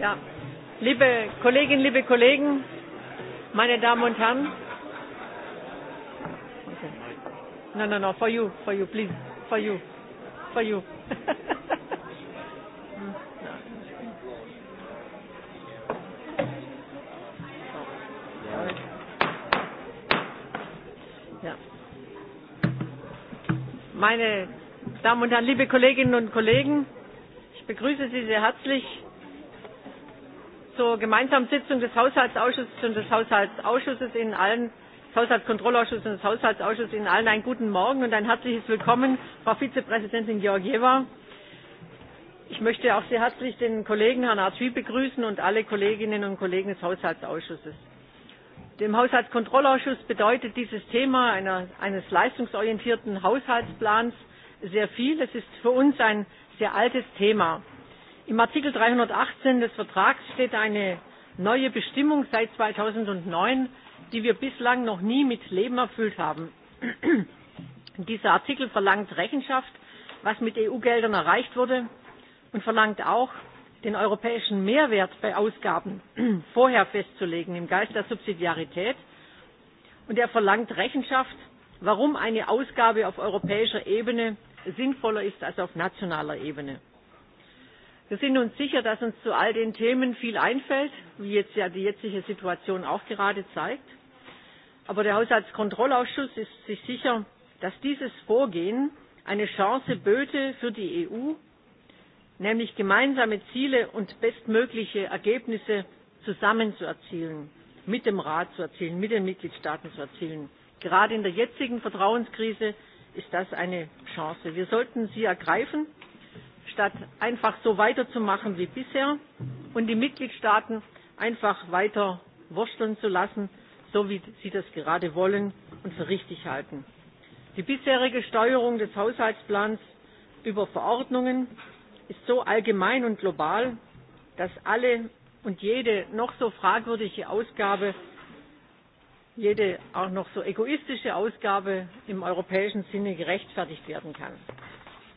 Ja. Liebe Kolleginnen, liebe Kollegen, meine Damen und Herren. Okay. No, no, no, for you, for you, please, for you, for you. ja. Meine Damen und Herren, liebe Kolleginnen und Kollegen, ich begrüße Sie sehr herzlich zur gemeinsamen Sitzung des Haushaltsausschusses und des Haushaltsausschusses in allen Haushaltskontrollausschusses und des Haushaltsausschusses in allen einen guten Morgen und ein herzliches Willkommen, Frau Vizepräsidentin Georgieva. Ich möchte auch sehr herzlich den Kollegen Herrn Arthuis begrüßen und alle Kolleginnen und Kollegen des Haushaltsausschusses. Dem Haushaltskontrollausschuss bedeutet dieses Thema einer, eines leistungsorientierten Haushaltsplans sehr viel. Es ist für uns ein sehr altes Thema. Im Artikel 318 des Vertrags steht eine neue Bestimmung seit 2009, die wir bislang noch nie mit Leben erfüllt haben. Dieser Artikel verlangt Rechenschaft, was mit EU-Geldern erreicht wurde und verlangt auch, den europäischen Mehrwert bei Ausgaben vorher festzulegen im Geist der Subsidiarität. Und er verlangt Rechenschaft, warum eine Ausgabe auf europäischer Ebene sinnvoller ist als auf nationaler Ebene. Wir sind uns sicher, dass uns zu all den Themen viel einfällt, wie jetzt ja die jetzige Situation auch gerade zeigt. Aber der Haushaltskontrollausschuss ist sich sicher, dass dieses Vorgehen eine Chance böte für die EU, nämlich gemeinsame Ziele und bestmögliche Ergebnisse zusammen zu erzielen, mit dem Rat zu erzielen, mit den Mitgliedstaaten zu erzielen. Gerade in der jetzigen Vertrauenskrise ist das eine Chance. Wir sollten sie ergreifen statt einfach so weiterzumachen wie bisher und die Mitgliedstaaten einfach weiter wursteln zu lassen, so wie sie das gerade wollen und für richtig halten. Die bisherige Steuerung des Haushaltsplans über Verordnungen ist so allgemein und global, dass alle und jede noch so fragwürdige Ausgabe, jede auch noch so egoistische Ausgabe im europäischen Sinne gerechtfertigt werden kann.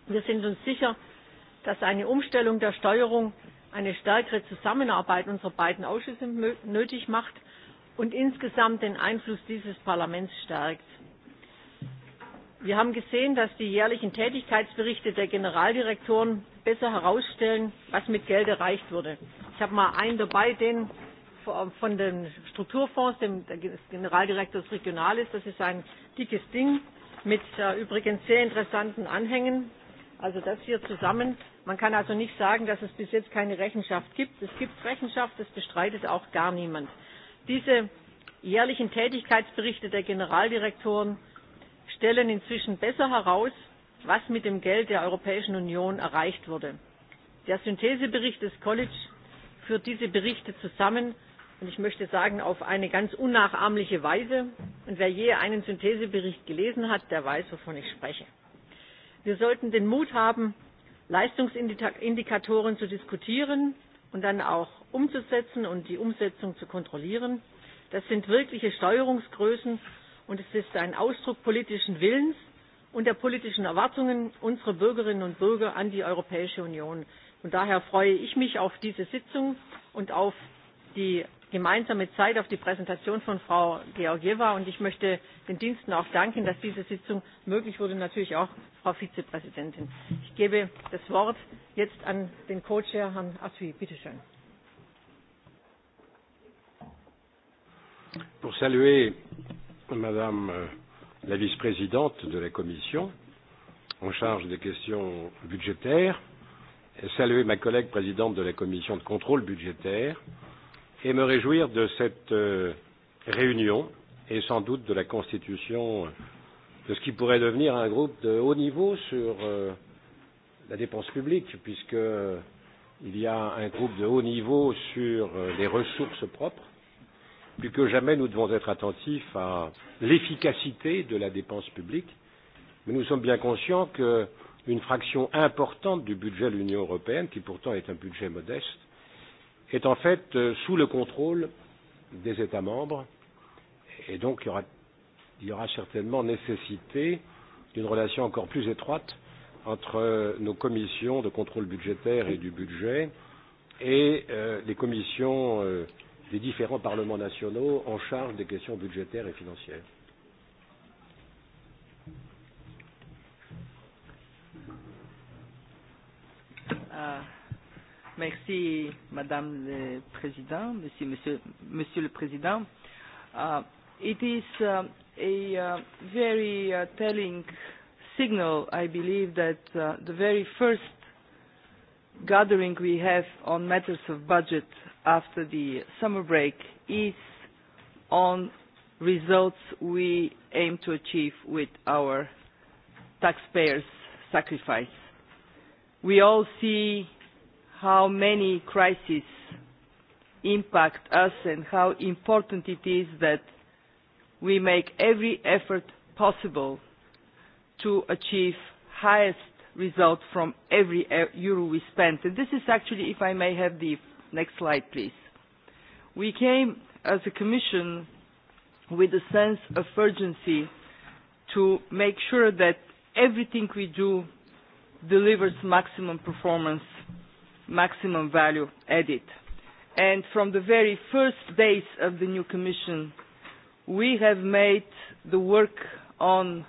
Wir sind uns sicher, dass eine Umstellung der Steuerung eine stärkere Zusammenarbeit unserer beiden Ausschüsse nötig macht und insgesamt den Einfluss dieses Parlaments stärkt. Wir haben gesehen, dass die jährlichen Tätigkeitsberichte der Generaldirektoren besser herausstellen, was mit Geld erreicht wurde. Ich habe mal einen dabei, den von den Strukturfonds, dem Generaldirektors Regionales. Das ist ein dickes Ding mit äh, übrigens sehr interessanten Anhängen. Also das hier zusammen Man kann also nicht sagen, dass es bis jetzt keine Rechenschaft gibt. Es gibt Rechenschaft, das bestreitet auch gar niemand. Diese jährlichen Tätigkeitsberichte der Generaldirektoren stellen inzwischen besser heraus, was mit dem Geld der Europäischen Union erreicht wurde. Der Synthesebericht des College führt diese Berichte zusammen und ich möchte sagen, auf eine ganz unnachahmliche Weise. Und wer je einen Synthesebericht gelesen hat, der weiß, wovon ich spreche. Wir sollten den Mut haben, leistungsindikatoren zu diskutieren und dann auch umzusetzen und die umsetzung zu kontrollieren das sind wirkliche steuerungsgrößen und es ist ein ausdruck politischen willens und der politischen erwartungen unserer bürgerinnen und bürger an die europäische union. Und daher freue ich mich auf diese sitzung und auf die gemeinsame Zeit auf die Präsentation von Frau Georgieva. Und ich möchte den Diensten auch danken, dass diese Sitzung möglich wurde, natürlich auch Frau Vizepräsidentin. Ich gebe das Wort jetzt an den Co-Chair, Herrn Atui. Bitte schön. Pour saluer Madame euh, la vice-présidente de la Commission en charge des questions budgétaires, et saluer ma collègue présidente de la Commission de contrôle budgétaire, euh, et me réjouir de cette euh, réunion et sans doute de la constitution euh, de ce qui pourrait devenir un groupe de haut niveau sur euh, la dépense publique, puisque euh, il y a un groupe de haut niveau sur euh, les ressources propres. Plus que jamais, nous devons être attentifs à l'efficacité de la dépense publique, mais nous sommes bien conscients qu'une fraction importante du budget de l'Union européenne, qui pourtant est un budget modeste, est en fait euh, sous le contrôle des États membres et donc il y aura, il y aura certainement nécessité d'une relation encore plus étroite entre euh, nos commissions de contrôle budgétaire et du budget et euh, les commissions euh, des différents parlements nationaux en charge des questions budgétaires et financières. Uh Merci, Madame le Président, Monsieur, Monsieur, Monsieur le Président. Uh, it is uh, a uh, very uh, telling signal, I believe, that uh, the very first gathering we have on matters of budget after the summer break is on results we aim to achieve with our taxpayers' sacrifice. We all see how many crises impact us and how important it is that we make every effort possible to achieve highest result from every e, euro we spent. And this is actually, if I may have the next slide, please. We came as a Commission with a sense of urgency to make sure that everything we do delivers maximum performance maximum value added. And from the very first days of the new Commission, we have made the work on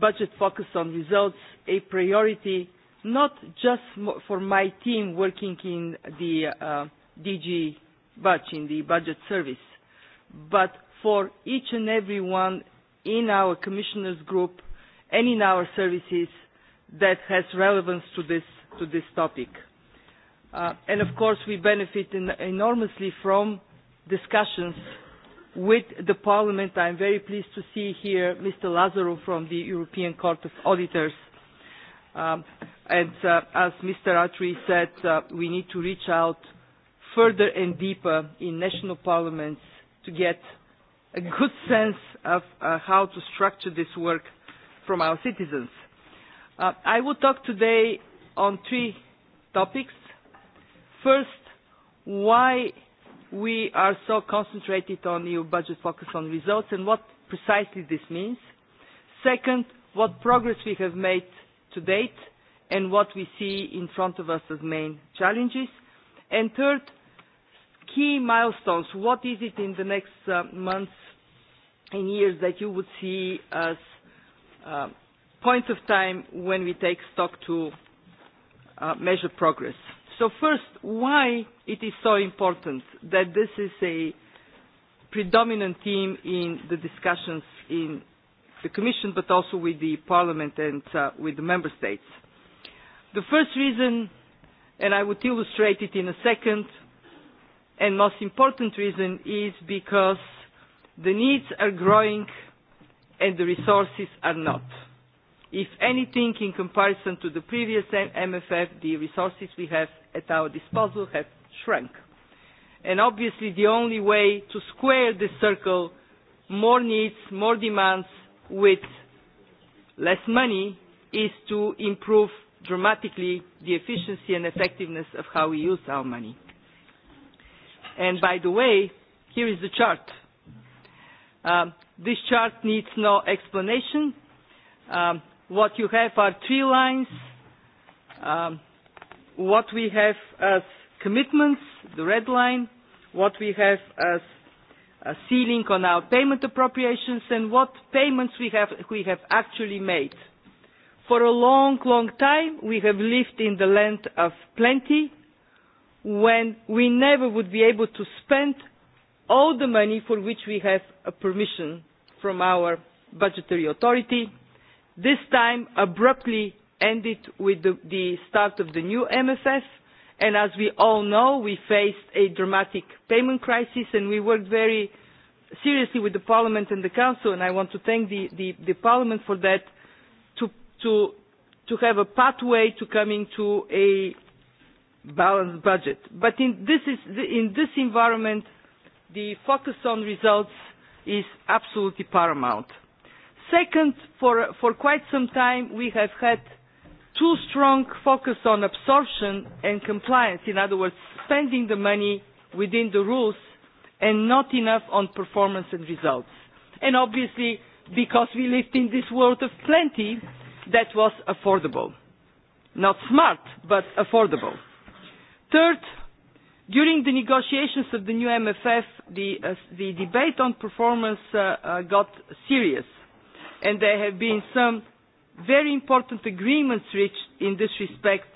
budget focused on results a priority, not just for my team working in the uh, DG Budge, in the budget service, but for each and every one in our commissioners group and in our services that has relevance to this, to this topic. Uh, and of course, we benefit in, enormously from discussions with the Parliament. I'm very pleased to see here Mr. Lazaro from the European Court of Auditors. Um, and uh, as Mr. Atri said, uh, we need to reach out further and deeper in national parliaments to get a good sense of uh, how to structure this work from our citizens. Uh, I will talk today on three topics. First, why we are so concentrated on EU budget focus on results and what precisely this means. Second, what progress we have made to date and what we see in front of us as main challenges. And third, key milestones. What is it in the next uh, months and years that you would see as uh, points of time when we take stock to uh, measure progress? So first, why it is so important that this is a predominant theme in the discussions in the Commission, but also with the Parliament and uh, with the Member States. The first reason, and I would illustrate it in a second, and most important reason is because the needs are growing and the resources are not. Mm -hmm. If anything, in comparison to the previous MFF, the resources we have at our disposal have shrunk. And obviously, the only way to square the circle, more needs, more demands with less money, is to improve dramatically the efficiency and effectiveness of how we use our money. And by the way, here is the chart. Um, this chart needs no explanation. Um, What you have are three lines. Um, what we have as commitments, the red line, what we have as a ceiling on our payment appropriations, and what payments we have, we have actually made. For a long, long time, we have lived in the land of plenty, when we never would be able to spend all the money for which we have a permission from our budgetary authority this time abruptly ended with the, the start of the new MFF. And as we all know, we faced a dramatic payment crisis and we worked very seriously with the Parliament and the Council, and I want to thank the, the, the Parliament for that, to, to, to have a pathway to coming to a balanced budget. But in this, is, in this environment, the focus on results is absolutely paramount. Second, for, for quite some time we have had too strong focus on absorption and compliance. In other words, spending the money within the rules and not enough on performance and results. And obviously, because we lived in this world of plenty, that was affordable. Not smart, but affordable. Third, during the negotiations of the new MFF, the, uh, the debate on performance uh, uh, got serious and there have been some very important agreements reached in this respect,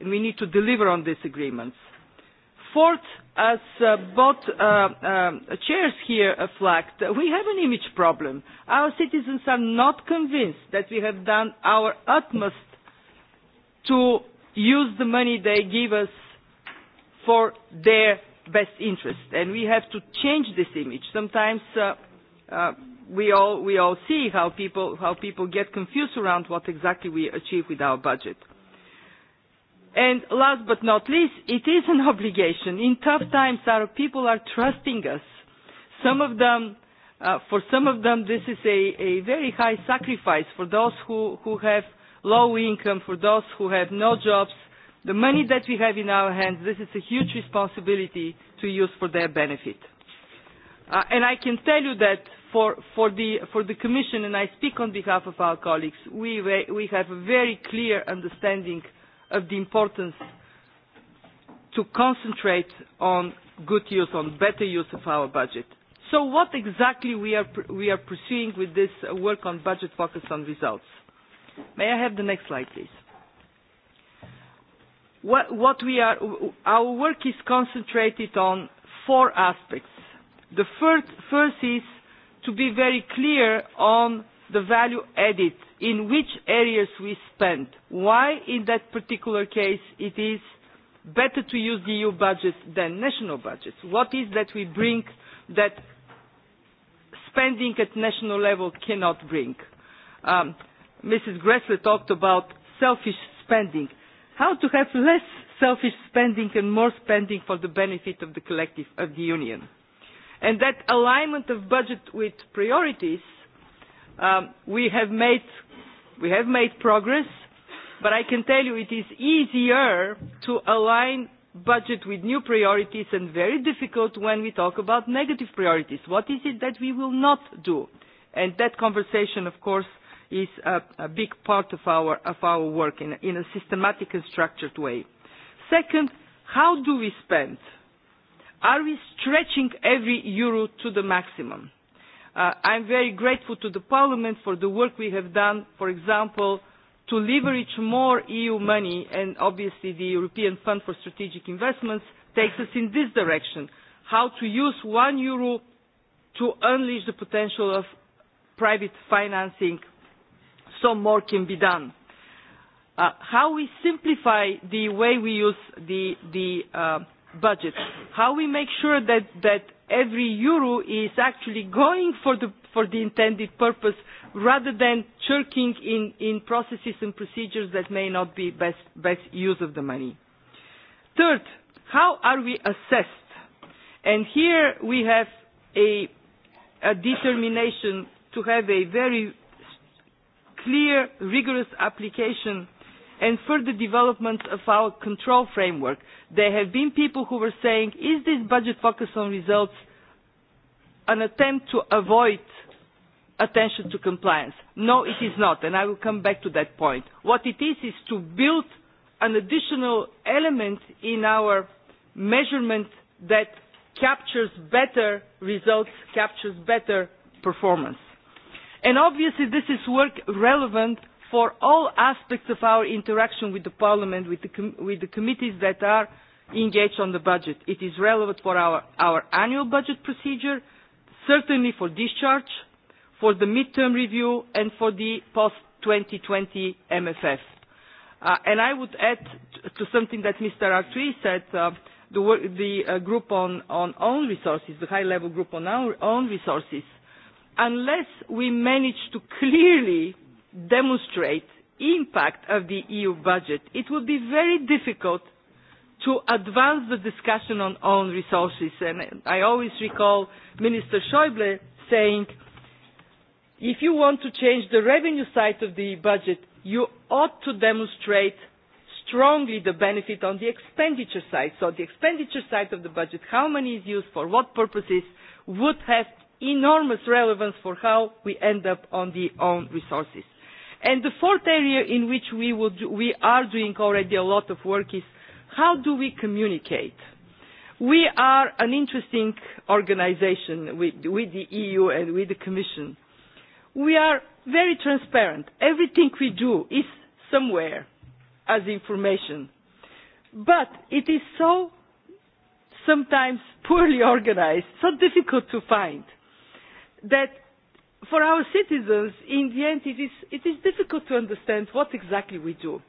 and we need to deliver on these agreements. Fourth, as uh, both uh, um, chairs here flagged, uh, we have an image problem. Our citizens are not convinced that we have done our utmost to use the money they give us for their best interest. And we have to change this image. Sometimes uh, uh, we all we all see how people how people get confused around what exactly we achieve with our budget. And last but not least, it is an obligation. In tough times, our people are trusting us. Some of them, uh, for some of them, this is a, a very high sacrifice. For those who, who have low income, for those who have no jobs, the money that we have in our hands, this is a huge responsibility to use for their benefit. Uh, and I can tell you that for, for, the, for the Commission, and I speak on behalf of our colleagues, we, we have a very clear understanding of the importance to concentrate on good use, on better use of our budget. So what exactly we are, we are pursuing with this work on budget focus on results? May I have the next slide, please? What, what we are, our work is concentrated on four aspects. The first, first is to be very clear on the value added, in which areas we spend, why in that particular case it is better to use the EU budget than national budgets, what is that we bring that spending at national level cannot bring. Um, Mrs. Gressler talked about selfish spending. How to have less selfish spending and more spending for the benefit of the collective of the Union. And that alignment of budget with priorities, um, we, have made, we have made progress, but I can tell you it is easier to align budget with new priorities and very difficult when we talk about negative priorities. What is it that we will not do? And that conversation, of course, is a, a big part of our, of our work in, in a systematic and structured way. Second, how do we spend? Are we stretching every euro to the maximum? Uh, I'm very grateful to the Parliament for the work we have done, for example, to leverage more EU money, and obviously the European Fund for Strategic Investments takes us in this direction, how to use one euro to unleash the potential of private financing so more can be done. Uh, how we simplify the way we use the, the uh, budget how we make sure that, that every euro is actually going for the, for the intended purpose rather than shirking in, in processes and procedures that may not be best, best use of the money. Third, how are we assessed? And here we have a, a determination to have a very clear, rigorous application and further development of our control framework. There have been people who were saying, is this budget focus on results an attempt to avoid attention to compliance? No, it is not, and I will come back to that point. What it is is to build an additional element in our measurement that captures better results, captures better performance. And obviously this is work relevant for all aspects of our interaction with the Parliament, with the, com with the committees that are engaged on the budget. It is relevant for our, our annual budget procedure, certainly for discharge, for the midterm review, and for the post-2020 MFF. Uh, and I would add to something that Mr. Artui said, uh, the, the uh, group on, on own resources, the high-level group on our own resources. Unless we manage to clearly uh, demonstrate impact of the EU budget, it would be very difficult to advance the discussion on own resources. And I always recall Minister Schäuble saying, if you want to change the revenue side of the budget, you ought to demonstrate strongly the benefit on the expenditure side. So the expenditure side of the budget, how money is used for what purposes, would have enormous relevance for how we end up on the own resources. And the fourth area in which we, will do, we are doing already a lot of work is how do we communicate? We are an interesting organization with, with the EU and with the Commission. We are very transparent. Everything we do is somewhere as information. But it is so sometimes poorly organized, so difficult to find, that for our citizens, in the end, it is, it is difficult to understand what exactly we do.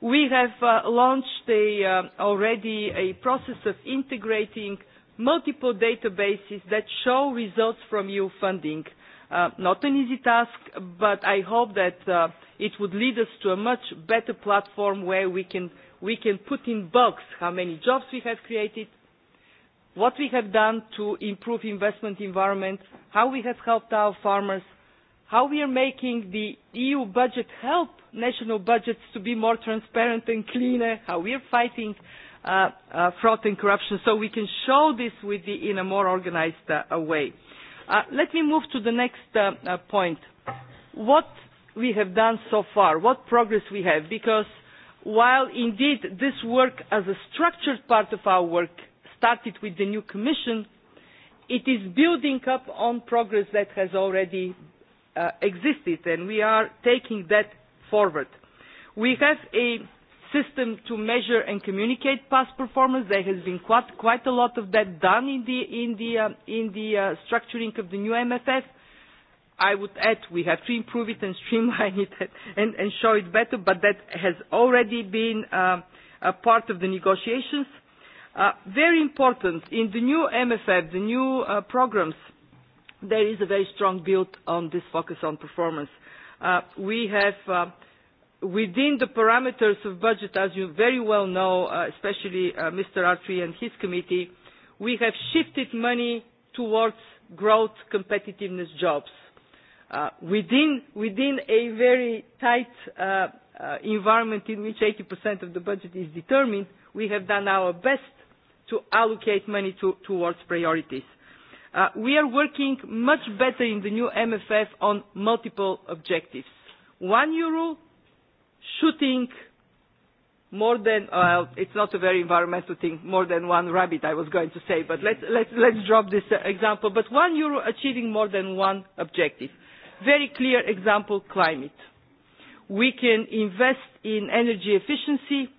We have uh, launched a, uh, already a process of integrating multiple databases that show results from EU funding. Uh, not an easy task, but I hope that uh, it would lead us to a much better platform where we can, we can put in box how many jobs we have created, what we have done to improve investment environment, how we have helped our farmers, how we are making the EU budget help national budgets to be more transparent and cleaner, how we are fighting uh, uh, fraud and corruption, so we can show this with the, in a more organized uh, way. Uh, let me move to the next uh, uh, point. What we have done so far, what progress we have, because while indeed this work as a structured part of our work started with the new Commission, it is building up on progress that has already uh, existed, and we are taking that forward. We have a system to measure and communicate past performance. There has been quite, quite a lot of that done in the, in the, uh, in the uh, structuring of the new MFF. I would add we have to improve it and streamline it and, and show it better, but that has already been uh, a part of the negotiations. Uh, very important, in the new MFF, the new uh, programs, there is a very strong build on this focus on performance. Uh, we have, uh, within the parameters of budget, as you very well know, uh, especially uh, Mr. Artri and his committee, we have shifted money towards growth, competitiveness, jobs. Uh, within, within a very tight uh, uh, environment in which 80% of the budget is determined, we have done our best to allocate money to, towards priorities. Uh, we are working much better in the new MFF on multiple objectives. One euro, shooting more than, uh, it's not a very environmental thing, more than one rabbit I was going to say, but let's, let's, let's drop this uh, example. But one euro achieving more than one objective. Very clear example, climate. We can invest in energy efficiency,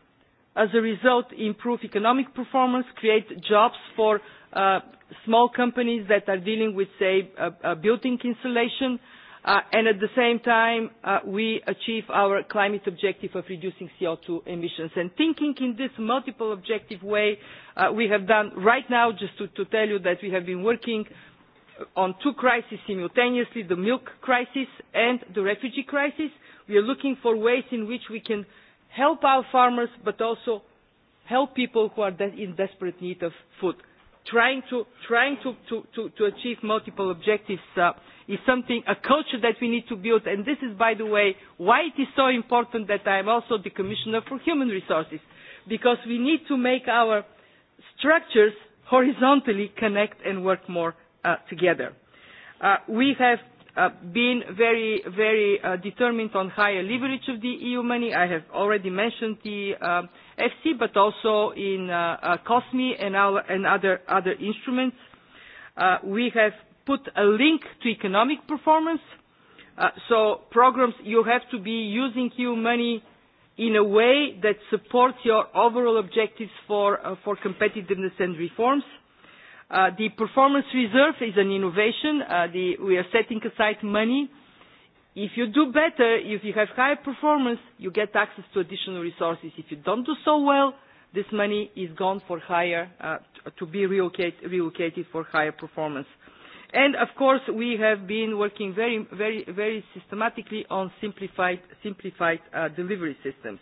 as a result improve economic performance, create jobs for uh, small companies that are dealing with, say, a, a building insulation, uh, and at the same time uh, we achieve our climate objective of reducing CO2 emissions. And thinking in this multiple objective way, uh, we have done right now, just to, to tell you that we have been working on two crises simultaneously, the milk crisis and the refugee crisis. We are looking for ways in which we can uh, help our farmers, but also help people who are de in desperate need of food. Trying to, trying to, to, to, to achieve multiple objectives uh, is something, a culture that we need to build. And this is, by the way, why it is so important that I am also the Commissioner for Human Resources. Because we need to make our structures horizontally connect and work more uh, together. Uh, we have uh, been very, very uh, determined on higher leverage of the EU money. I have already mentioned the uh, FC, but also in uh, uh, COSME and, our, and other, other instruments. Uh, we have put a link to economic performance. Uh, so programs, you have to be using EU money in a way that supports your overall objectives for, uh, for competitiveness and reforms. Uh, Uh, the performance reserve is an innovation. Uh, the, we are setting aside money. If you do better, if you have higher performance, you get access to additional resources. If you don't do so well, this money is gone for higher, uh, to be relocate, relocated for higher performance. And of course, we have been working very, very, very systematically on simplified, simplified uh, delivery systems.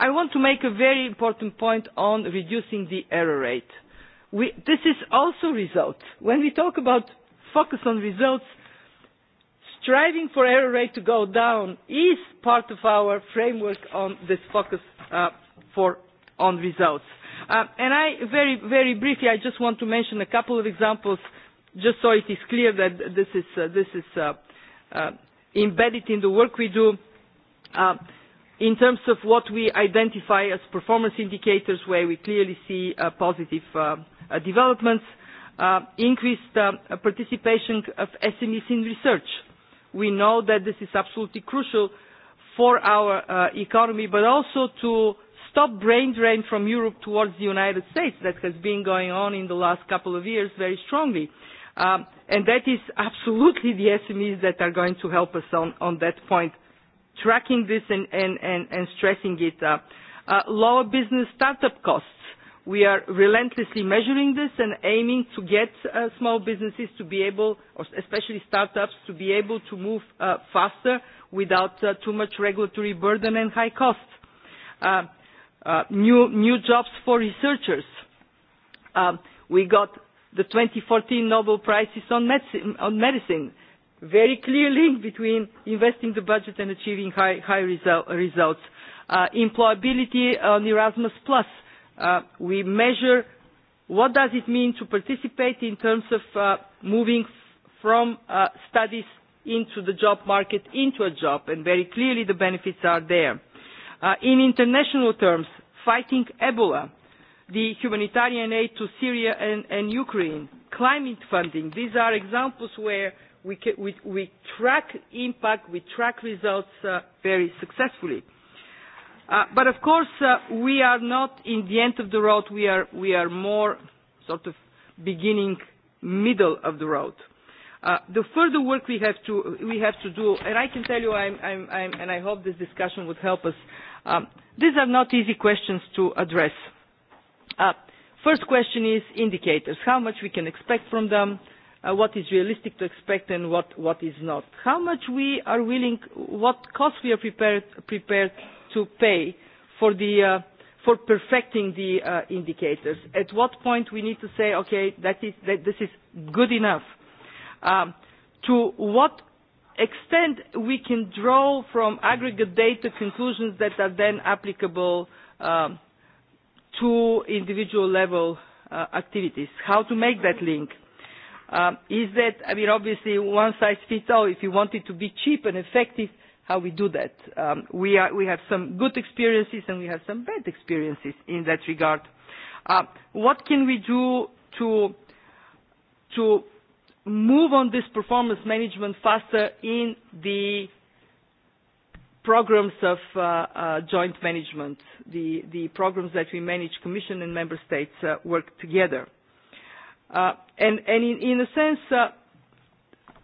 I want to make a very important point on reducing the error rate. Uh, we, this is also results. When we talk about focus on results, striving for error rate to go down is part of our framework on this focus uh, for, on results. Uh, and I, very, very briefly, I just want to mention a couple of examples just so it is clear that this is, uh, this is uh, uh, embedded in the work we do. Uh, in terms of what we identify as performance indicators where we clearly see uh, positive uh, uh, developments, uh, increased uh, participation of SMEs in research. We know that this is absolutely crucial for our uh, economy, but also to stop brain drain from Europe towards the United States that has been going on in the last couple of years very strongly. Um, and that is absolutely the SMEs that are going to help us on, on that point, tracking this and, and, and, and stressing it. Uh, uh, lower business startup costs We are relentlessly measuring this and aiming to get uh, small businesses to be able, or especially startups, to be able to move uh, faster without uh, too much regulatory burden and high costs. Uh, uh, new, new jobs for researchers. Um, we got the 2014 Nobel Prizes on medicine, on medicine. Very clear link between investing the budget and achieving high, high result, results. Uh, employability on Erasmus Plus. Uh, uh, we measure what does it mean to participate in terms of uh, moving from uh, studies into the job market, into a job, and very clearly the benefits are there. Uh, in international terms, fighting Ebola, the humanitarian aid to Syria and, and Ukraine, climate funding, these are examples where we, can, we, we track impact, we track results uh, very successfully. Uh, Uh, but of course, uh, we are not in the end of the road. We are, we are more sort of beginning middle of the road. Uh, the further work we have to we have to do, and I can tell you, I'm, I'm, I'm, and I hope this discussion would help us. Um, these are not easy questions to address. Uh, first question is indicators: how much we can expect from them, uh, what is realistic to expect, and what what is not. How much we are willing, what costs we are prepared prepared to pay for the uh, for perfecting the uh, indicators. At what point we need to say, okay, that is that this is good enough. Um, to what extent we can draw from aggregate data conclusions that are then applicable um, to individual level uh, activities. How to make that link? Um, is that, I mean, obviously one size fits all. If you want it to be cheap and effective, uh, how we do that. Um, we, are, we have some good experiences and we have some bad experiences in that regard. Uh, what can we do to, to move on this performance management faster in the programs of uh, uh, joint management, the, the programs that we manage, Commission and Member States uh, work together. Uh, and and in, in a sense, uh,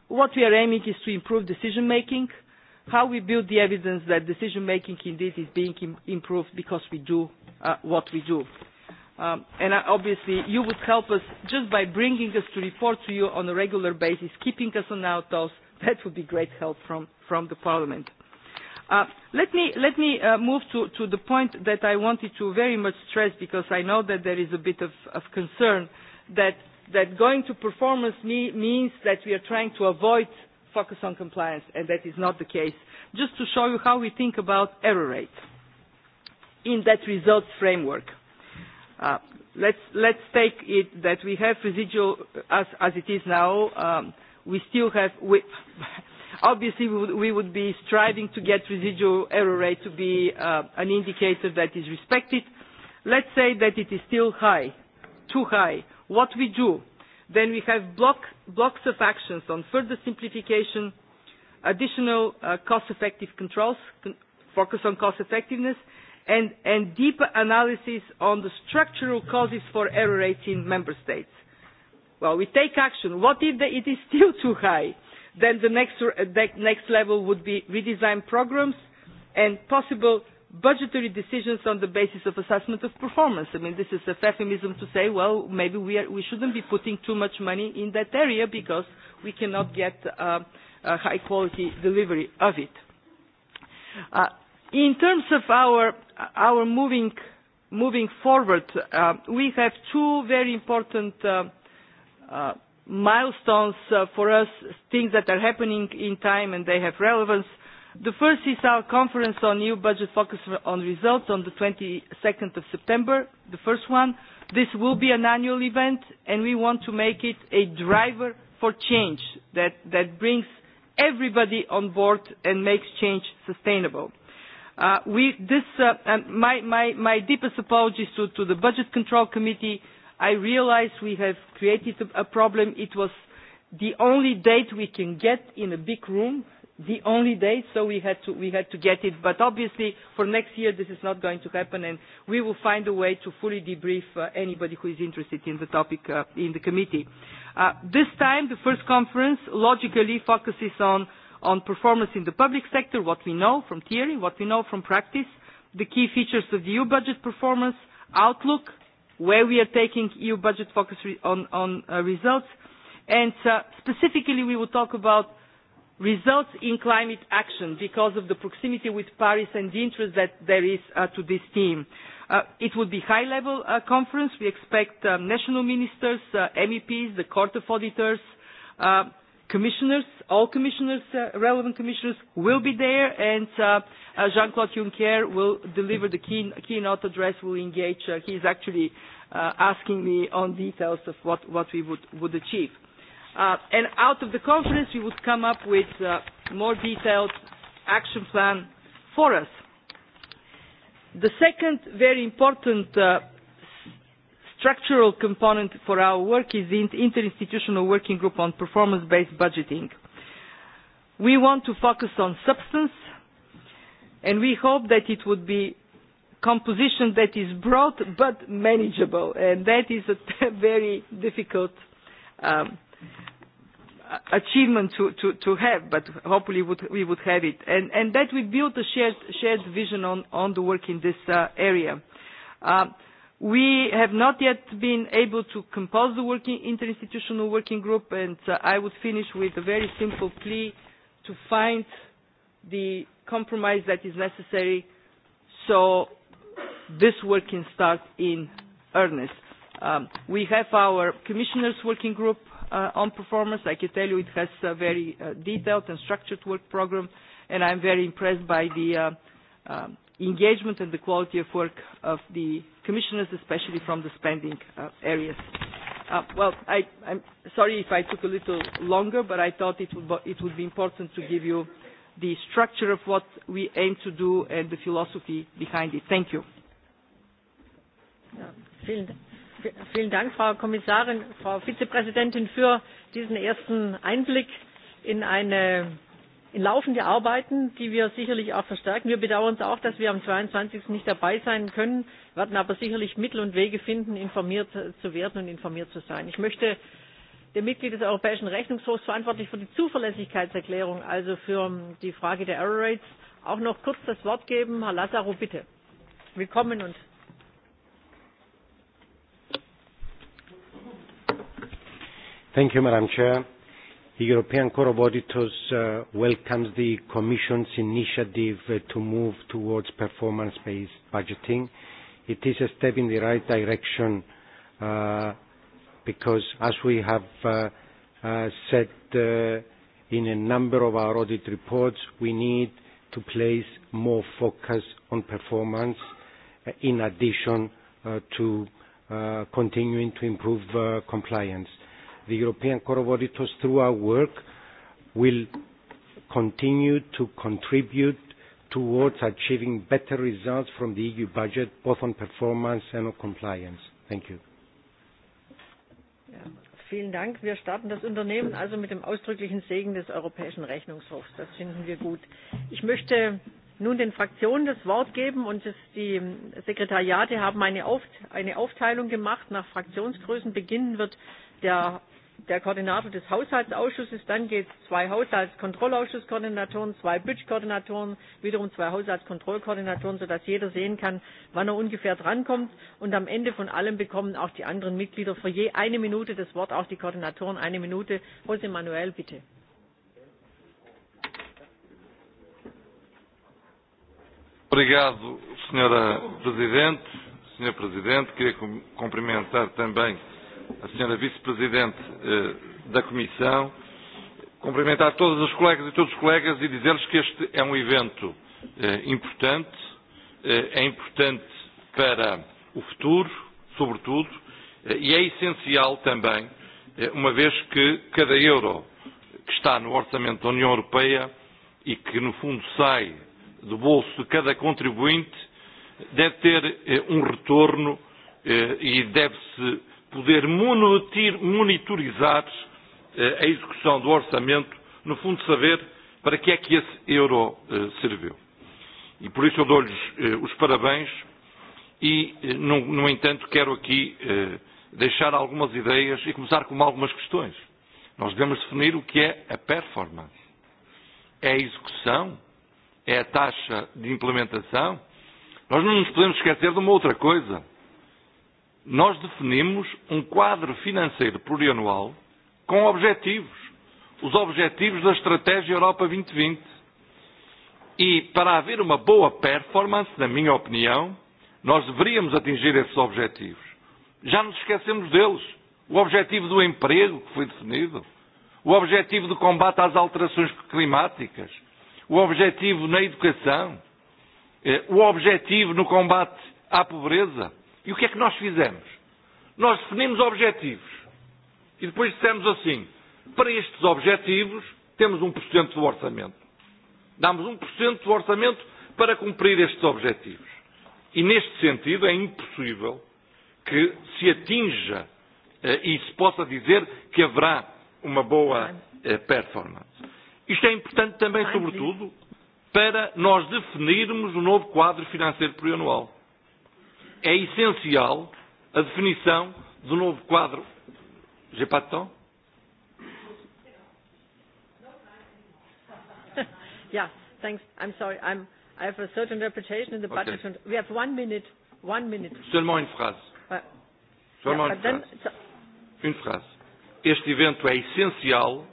what we are aiming is to improve decision making, uh, how we build the evidence that decision making indeed is being Im improved because we do uh, what we do. Um, and uh, obviously you would help us just by bringing us to report to you on a regular basis, keeping us on our toes. That would be great help from, from the Parliament. Uh, let me, let me uh, move to, to the point that I wanted to very much stress because I know that there is a bit of, of concern that, that going to performance me means that we are trying to avoid uh, focus on compliance, and that is not the case. Just to show you how we think about error rate in that results framework. Uh, let's, let's take it that we have residual, as, as it is now, um, we still have, we, obviously we would, we would be striving to get residual error rate to be uh, an indicator that is respected. Let's say that it is still high, too high. What we do Then we have block, blocks of actions on further simplification, additional uh, cost-effective controls, con focus on cost-effectiveness, and, and deeper analysis on the structural causes for error rates in member states. Well, we take action. What if the, it is still too high? Then the next, uh, the next level would be redesign programs and possible budgetary decisions on the basis of assessment of performance. I mean, this is a euphemism to say, well, maybe we, are, we shouldn't be putting too much money in that area because we cannot get uh, a high quality delivery of it. Uh, in terms of our, our moving, moving forward, uh, we have two very important uh, uh, milestones uh, for us, things that are happening in time and they have relevance. Uh, The first is our conference on EU budget focus on results on the 22nd of September, the first one. This will be an annual event and we want to make it a driver for change that, that brings everybody on board and makes change sustainable. Uh, we, this, uh, and um, my, my, my deepest apologies to, to the Budget Control Committee. I realize we have created a problem. It was the only date we can get in a big room the only date, so we had to we had to get it. But obviously, for next year, this is not going to happen, and we will find a way to fully debrief uh, anybody who is interested in the topic uh, in the committee. Uh, this time, the first conference logically focuses on on performance in the public sector, what we know from theory, what we know from practice, the key features of the EU budget performance outlook, where we are taking EU budget focus re- on on uh, results, and uh, specifically, we will talk about results in climate action because of the proximity with Paris and the interest that there is uh, to this theme. Uh, it would be high-level uh, conference. We expect um, national ministers, uh, MEPs, the Court of Auditors, uh, commissioners, all commissioners, uh, relevant commissioners will be there, and uh, uh, Jean-Claude Juncker will deliver the key, keynote address, will engage. Uh, he's actually uh, asking me on details of what, what we would, would achieve. Uh, Uh, and out of the conference, we would come up with a uh, more detailed action plan for us. The second very important uh, structural component for our work is the Interinstitutional Working Group on Performance-Based Budgeting. We want to focus on substance, and we hope that it would be composition that is broad but manageable, and that is a very difficult um, achievement to, to, to have, but hopefully would, we would have it. And, and that we build a shared, shared vision on, on the work in this uh, area. Uh, we have not yet been able to compose the working, interinstitutional working group, and uh, I would finish with a very simple plea to find the compromise that is necessary so this work can start in earnest. Um, we have our commissioners working group, uh, on performance. I can tell you it has a very uh, detailed and structured work program, and I'm very impressed by the uh, um, engagement and the quality of work of the commissioners, especially from the spending uh, areas. Uh, well, I, I'm sorry if I took a little longer, but I thought it would, it would be important to give you the structure of what we aim to do and the philosophy behind it. Thank you. Yeah. Uh, Vielen Dank. Vielen Dank, Frau Kommissarin, Frau Vizepräsidentin, für diesen ersten Einblick in eine in laufende Arbeiten, die wir sicherlich auch verstärken. Wir bedauern es auch, dass wir am 22. nicht dabei sein können, werden aber sicherlich Mittel und Wege finden, informiert zu werden und informiert zu sein. Ich möchte dem Mitglied des Europäischen Rechnungshofs verantwortlich für die Zuverlässigkeitserklärung, also für die Frage der Error Rates, auch noch kurz das Wort geben. Herr Lazaro, bitte. Willkommen und Thank you, Madam Chair. The European Court of Auditors uh, welcomes the Commission's initiative uh, to move towards performance-based budgeting. It is a step in the right direction uh, because as we have uh, uh, said uh, in a number of our audit reports, we need to place more focus on performance uh, in addition uh, to uh, continuing to improve uh, compliance. Uh, the European Court of Auditors, through our work, will continue to contribute towards achieving better results from the EU budget, both on performance and on compliance. Thank you. Ja, vielen Dank. Wir starten das Unternehmen also mit dem ausdrücklichen Segen des Europäischen Rechnungshofs. Das finden wir gut. Ich möchte nun den Fraktionen das Wort geben und es, die Sekretariate haben eine, Auf, eine Aufteilung gemacht nach Fraktionsgrößen. Beginnen wird der der Koordinator des Haushaltsausschusses, dann geht es zwei Haushaltskontrollausschuss-Koordinatoren, zwei Budget-Koordinatoren, wiederum zwei Haushaltskontrollkoordinatoren, sodass jeder sehen kann, wann er ungefähr drankommt. Und am Ende von allem bekommen auch die anderen Mitglieder für je eine Minute das Wort, auch die Koordinatoren eine Minute. José Manuel, bitte. Obrigado, Senhora Presidente. Senhor Presidente, queria cumprimentar também a senhora vice-presidente eh, da Comissão, cumprimentar todas as colegas e todos os colegas e dizer-lhes que este é um evento eh, importante, eh, é importante para o futuro, sobretudo, e é essencial também, uma vez que cada euro que está no orçamento da União Europeia e que, no fundo, sai do bolso de cada contribuinte, deve ter um retorno e deve-se poder monitorizar eh, a execução do orçamento, no fundo saber para que é que esse euro eh, serveu. E por isso eu dou-lhes eh, os parabéns e, no entanto, quero aqui deixar algumas ideias e começar com algumas questões. Nós devemos definir o que é a performance. É a execução? É a taxa de implementação? Nós não nos podemos esquecer de uma outra coisa nós definimos um quadro financeiro plurianual com objetivos, os objetivos da Estratégia Europa 2020. E, e para haver uma boa performance, na minha opinião, nós deveríamos atingir esses objetivos. Já nos esquecemos deles. O objetivo do emprego que foi definido, o objetivo do combate às alterações climáticas, o objetivo na educação, eh, o objetivo no combate à pobreza E o que é que nós fizemos? Nós definimos objetivos e depois dissemos assim: para estes objetivos temos 1% um do orçamento. Damos 1% um do orçamento para cumprir estes objetivos. E neste sentido é impossível que se atinja eh, e se possa dizer que haverá uma boa eh, performance. Isto é importante também, sobretudo, para nós definirmos o novo quadro financeiro plurianual é essencial a definição do novo quadro. J'ai pas de temps? yeah, thanks. I'm sorry. I'm, I have a certain reputation in the budget. Okay. We have one minute. One minute. Seulement une phrase. Uh, Seulement yeah, une frase. Then, so... Une frase. Este evento é essencial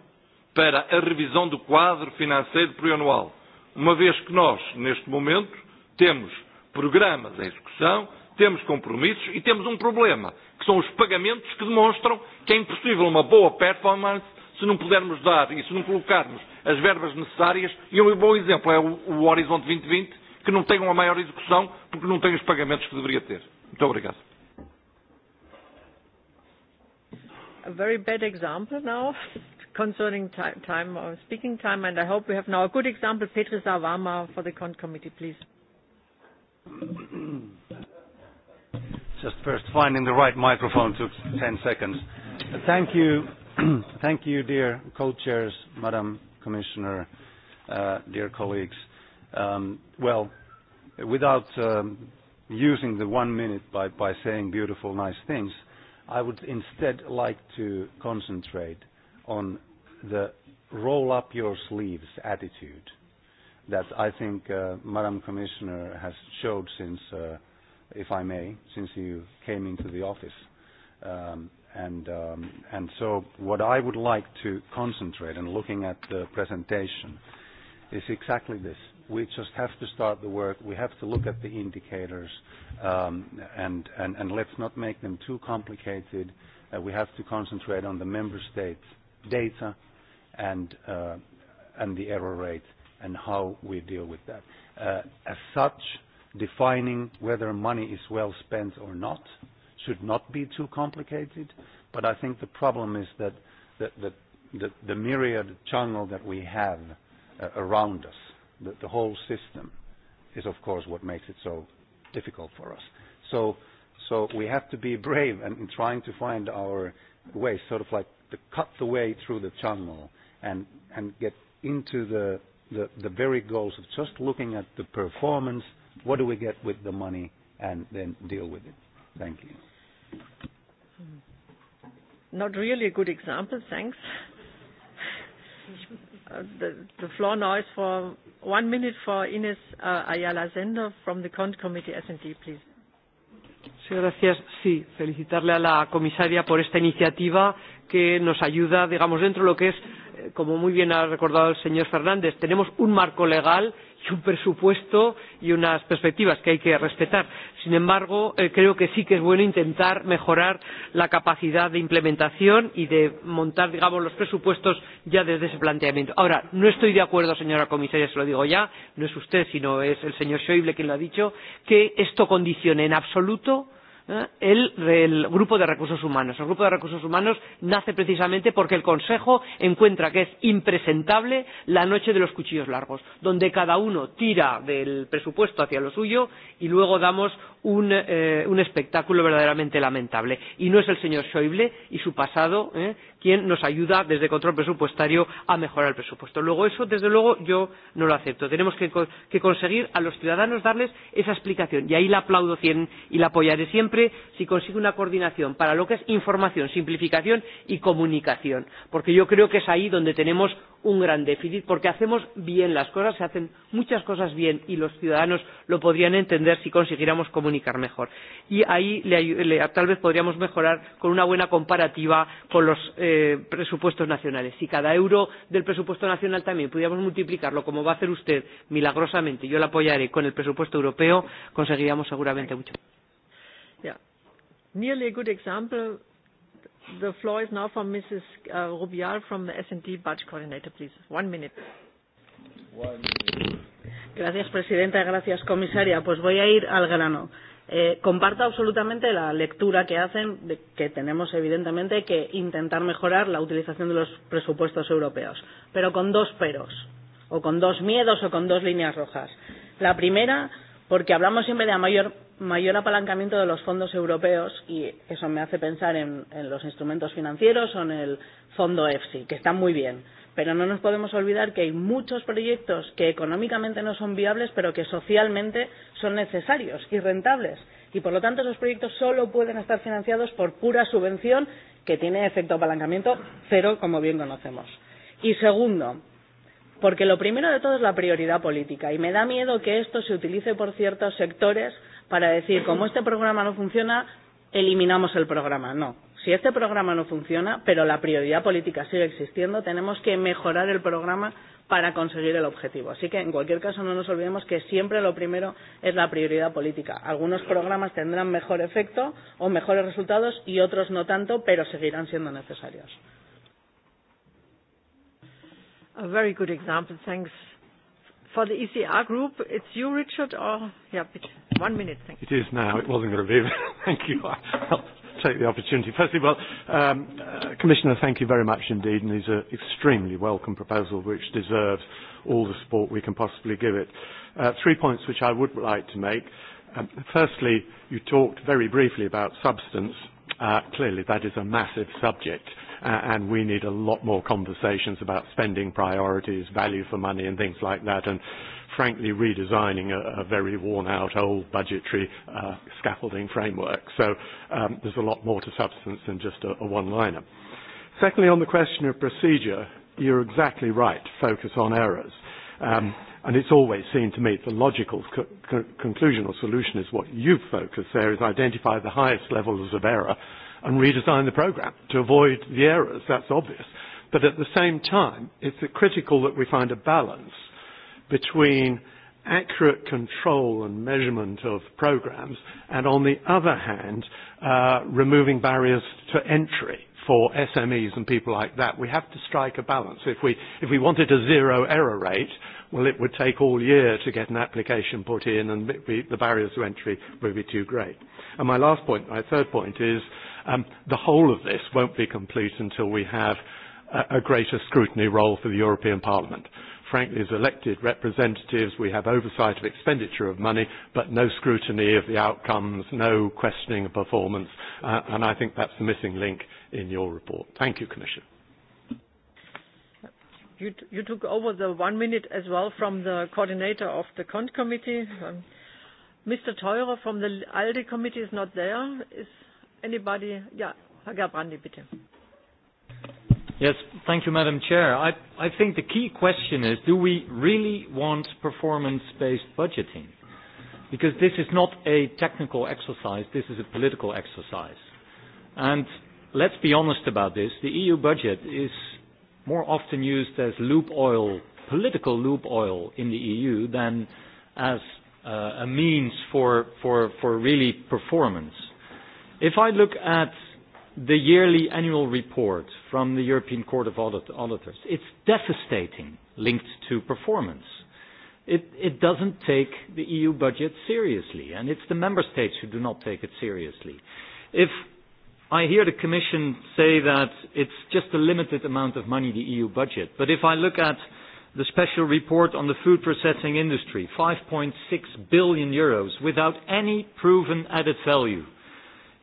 para a revisão do quadro financeiro plurianual, uma vez que nós, neste momento, temos programas em execução temos compromissos e temos um problema, que são os pagamentos que demonstram que é impossível uma boa performance se não pudermos dar e se não colocarmos as verbas necessárias. E um bom exemplo é o, o Horizonte 2020, e que não tem uma maior execução porque não tem os pagamentos que deveria ter. Muito obrigado. A very bad example now concerning time, time uh, or speaking time, and I hope we have now a good example. Petri Savama for the Con Committee, please. Just first finding the right microphone took 10 seconds. Thank you. Thank you, dear co-chairs, Madam Commissioner, uh, dear colleagues. Um, well, without um, using the one minute by, by saying beautiful, nice things, I would instead like to concentrate on the roll up your sleeves attitude that I think uh, Madam Commissioner has showed since uh, if I may, since you came into the office. Um, and, um, and so what I would like to concentrate on looking at the presentation is exactly this. We just have to start the work. We have to look at the indicators, um, and, and, and let's not make them too complicated. Uh, we have to concentrate on the member state data and, uh, and the error rate and how we deal with that. Uh, as such, defining whether money is well spent or not should not be too complicated. But I think the problem is that the, the, the, the myriad jungle that we have uh, around us, the, the whole system, is of course what makes it so difficult for us. So, so we have to be brave and in trying to find our way, sort of like to cut the way through the jungle and, and get into the, the, the very goals of just looking at the performance – what do we get with the money, and then deal with it. Thank you. Not really a good example, thanks. The, the floor now is for one minute for Ines uh, Ayala Sender from the CONT Committee S&D, please. Sí, gracias. Sí, felicitarle a la comisaria por esta iniciativa que nos ayuda, digamos, dentro de lo que es, eh, como muy bien ha recordado el señor Fernández, tenemos un marco legal y un presupuesto y unas perspectivas que hay que respetar. Sin embargo, eh, creo que sí que es bueno intentar mejorar la capacidad de implementación y de montar, digamos, los presupuestos ya desde ese planteamiento. Ahora, no estoy de acuerdo, señora comisaria, se lo digo ya, no es usted, sino es el señor Schäuble quien lo ha dicho, que esto condicione en absoluto eh, el, el grupo de recursos humanos. El grupo de recursos humanos nace precisamente porque el Consejo encuentra que es impresentable la noche de los cuchillos largos, donde cada uno tira del presupuesto hacia lo suyo y luego damos un, eh, un espectáculo verdaderamente lamentable. Y no es el señor Schäuble y su pasado eh, quien nos ayuda desde control presupuestario a mejorar el presupuesto. Luego eso, desde luego, yo no lo acepto. Tenemos que, que conseguir a los ciudadanos darles esa explicación. Y ahí la aplaudo cien, y la apoyaré siempre posible si consigue una coordinación para lo que es información, simplificación y comunicación, porque yo creo que es ahí donde tenemos un gran déficit, porque hacemos bien las cosas, se hacen muchas cosas bien y los ciudadanos lo podrían entender si consiguiéramos comunicar mejor. Y ahí le, le, tal vez podríamos mejorar con una buena comparativa con los eh, presupuestos nacionales. Si cada euro del presupuesto nacional también pudiéramos multiplicarlo, como va a hacer usted milagrosamente, yo la apoyaré con el presupuesto europeo, conseguiríamos seguramente mucho. Yeah. Nearly a good example. The floor is now for Mrs. Uh, Rubial from the S&D Budget Coordinator, please. One minute. One minute. Gracias, presidenta. Gracias, comisaria. Pues voy a ir al grano. Eh, comparto absolutamente la lectura que hacen de que tenemos, evidentemente, que intentar mejorar la utilización de los presupuestos europeos, pero con dos peros, o con dos miedos, o con dos líneas rojas. La primera, porque hablamos siempre de la mayor mayor apalancamiento de los fondos europeos y eso me hace pensar en, en los instrumentos financieros o en el fondo EFSI, que están muy bien. Pero no nos podemos olvidar que hay muchos proyectos que económicamente no son viables, pero que socialmente son necesarios y rentables. Y por lo tanto, esos proyectos solo pueden estar financiados por pura subvención, que tiene efecto apalancamiento cero, como bien conocemos. Y segundo, porque lo primero de todo es la prioridad política. Y me da miedo que esto se utilice por ciertos sectores para decir, como este programa no funciona, eliminamos el programa. No. Si este programa no funciona, pero la prioridad política sigue existiendo, tenemos que mejorar el programa para conseguir el objetivo. Así que, en cualquier caso, no nos olvidemos que siempre lo primero es la prioridad política. Algunos programas tendrán mejor efecto o mejores resultados y otros no tanto, pero seguirán siendo necesarios. A very good example. Thanks. For the ECR group, it's you, Richard, or? Yeah, bitte. One minute, thank you. It is now. It wasn't going to be. thank you. I'll take the opportunity. Firstly, well, um, uh, Commissioner, thank you very much indeed, and it's an extremely welcome proposal which deserves all the support we can possibly give it. Uh, three points which I would like to make. Um, firstly, you talked very briefly about substance. Uh, clearly, that is a massive subject, uh, and we need a lot more conversations about spending priorities, value for money, and things like that. And frankly redesigning a, a very worn out old budgetary uh, scaffolding framework. So um, there's a lot more to substance than just a, a one-liner. Secondly, on the question of procedure, you're exactly right, focus on errors. Um, and it's always seemed to me the logical co- co- conclusion or solution is what you've focused there is identify the highest levels of error and redesign the program to avoid the errors. That's obvious. But at the same time, it's critical that we find a balance between accurate control and measurement of programs, and on the other hand, uh, removing barriers to entry for SMEs and people like that. We have to strike a balance. If we, if we wanted a zero error rate, well, it would take all year to get an application put in, and we, the barriers to entry would be too great. And my last point, my third point is um, the whole of this won't be complete until we have a, a greater scrutiny role for the European Parliament. Uh, frankly, as elected representatives, we have oversight of expenditure of money, but no scrutiny of the outcomes, no questioning of performance, uh, and I think that's the missing link in your report. Thank you, Commissioner. You, you took over the one minute as well from the coordinator of the CONT committee. Um, Mr. Theurer from the ALDE committee is not there. Is anybody? Yeah, Herr Gerbrandi, bitte. Yes. Thank you, Madam Chair. I, I think the key question is, do we really want performance-based budgeting? Because this is not a technical exercise, this is a political exercise. And let's be honest about this, the EU budget is more often used as loop oil, political loop oil in the EU than as uh, a means for, for, for really performance. If I look at the yearly annual report from the European Court of Audit Auditors. It's devastating, linked to performance. It, it doesn't take the EU budget seriously, and it's the member states who do not take it seriously. If I hear the Commission say that it's just a limited amount of money, the EU budget, but if I look at the special report on the food processing industry, 5.6 billion euros without any proven added value,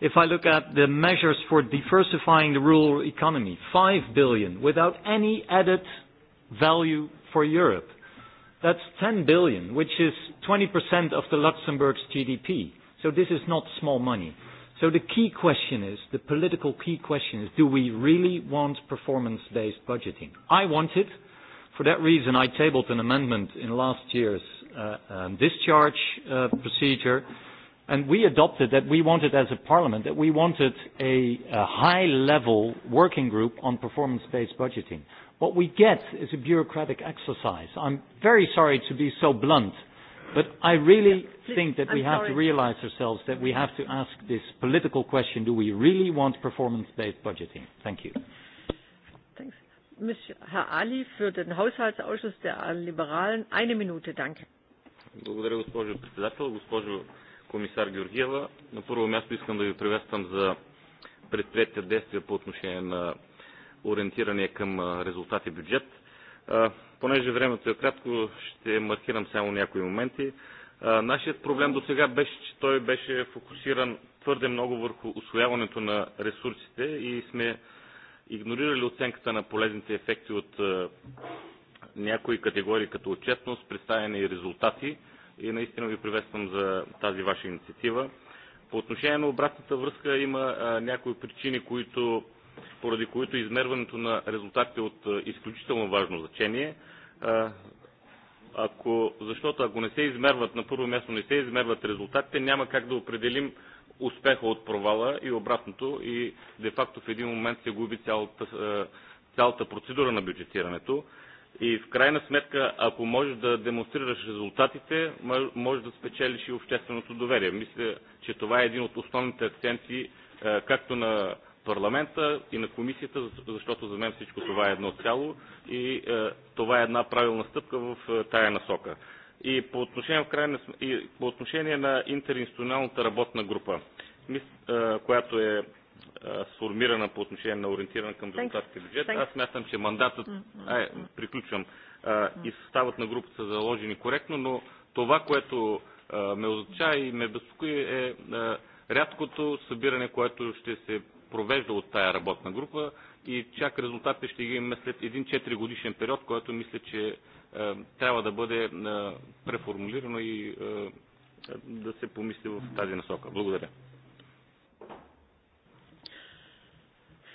If I look at the measures for diversifying the rural economy, 5 billion without any added value for Europe. That's 10 billion, which is 20% of the Luxembourg's GDP. So this is not small money. So the key question is, the political key question is, do we really want performance-based budgeting? I want it. For that reason, I tabled an amendment in last year's uh, um, discharge uh, procedure. Uh, and we adopted that we wanted as a parliament that we wanted a, a high level working group on performance based budgeting. What we get is a bureaucratic exercise. I'm very sorry to be so blunt, but I really yeah, please, think that I'm we have sorry. to realize ourselves that we have to ask this political question, do we really want performance based budgeting? Thank you. Thanks. Monsieur, Herr Ali für den Haushaltsausschuss der Liberalen eine Minute, danke. Благодаря, госпожо председател. Госпожо комисар Георгиева. На първо място искам да ви приветствам за предприятия действия по отношение на ориентиране към резултати бюджет. Понеже времето е кратко, ще маркирам само някои моменти. Нашият проблем до сега беше, че той беше фокусиран твърде много върху освояването на ресурсите и сме игнорирали оценката на полезните ефекти от някои категории като отчетност, представяне и резултати – и наистина ви приветствам за тази ваша инициатива. По отношение на обратната връзка има а, някои причини, които, поради които измерването на резултатите от а, изключително важно значение. А, ако, защото ако не се измерват, на първо място не се измерват резултатите, няма как да определим успеха от провала и обратното и де-факто в един момент се губи цялата, цялата процедура на бюджетирането. И в крайна сметка, ако можеш да демонстрираш резултатите, можеш да спечелиш и общественото доверие. Мисля, че това е един от основните акценти както на парламента и на комисията, защото за мен всичко това е едно цяло и това е една правилна стъпка в тая насока. И по отношение, в крайна, и по отношение на интеринституционалната работна група, която е сформирана по отношение на ориентиран към депутатския бюджет. Аз смятам, че мандатът... Ай, приключвам. И съставът на групата са заложени коректно, но това, което ме означава и ме безпокои е рядкото събиране, което ще се провежда от тая работна група и чак резултатите ще ги имаме след един 4 годишен период, който мисля, че трябва да бъде преформулирано и да се помисли в тази насока. Благодаря.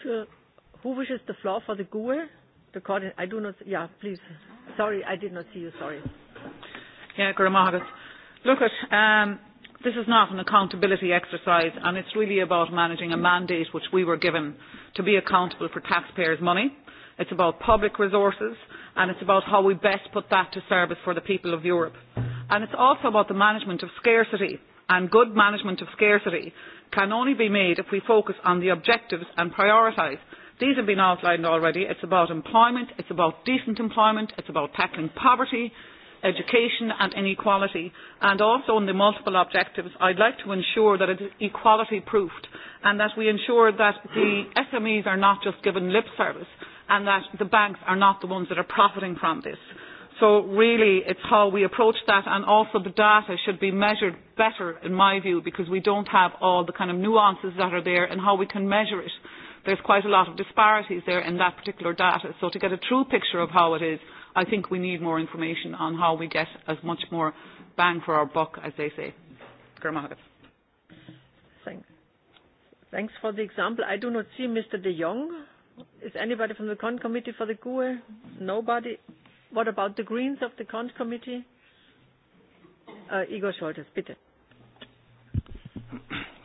für who wishes the floor for the GUE? The coordinator, I do not, yeah, please. Sorry, I did not see you, sorry. Yeah, Gramagas. Look at, um, this is not an accountability exercise and it's really about managing a mandate which we were given to be accountable for taxpayers' money. It's about public resources and it's about how we best put that to service for the people of Europe. And it's also about the management of scarcity and good management of scarcity can only be made if we focus on the objectives and prioritise. These have been outlined already. It's about employment, it's about decent employment, it's about tackling poverty, education and inequality. And also in the multiple objectives, I'd like to ensure that it is equality proofed and that we ensure that the SMEs are not just given lip service and that the banks are not the ones that are profiting from this. So really, it's how we approach that, and also the data should be measured better, in my view, because we don't have all the kind of nuances that are there and how we can measure it. There's quite a lot of disparities there in that particular data. So to get a true picture of how it is, I think we need more information on how we get as much more bang for our buck, as they say. Gurmagat. Thanks. Thanks for the example. I do not see Mr. De Jong. Is anybody from the Con Committee for the GUE? Nobody. What about the Greens of the Cont Committee? Uh, Igor Šoltes, bitte.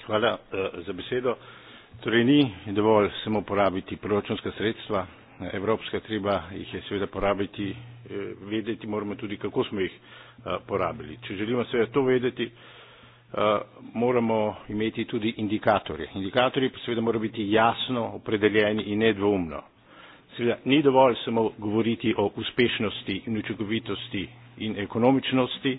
Hvala uh, za besedo. Torej ni dovolj samo porabiti proračunska sredstva, evropska treba jih je seveda porabiti, uh, vedeti moramo tudi, kako smo jih uh, porabili. Če želimo seveda to vedeti, uh, moramo imeti tudi indikatorje. Indikatorji pa seveda morajo biti jasno opredeljeni in nedvoumno Seveda ni dovolj samo govoriti o uspešnosti in učinkovitosti in ekonomičnosti,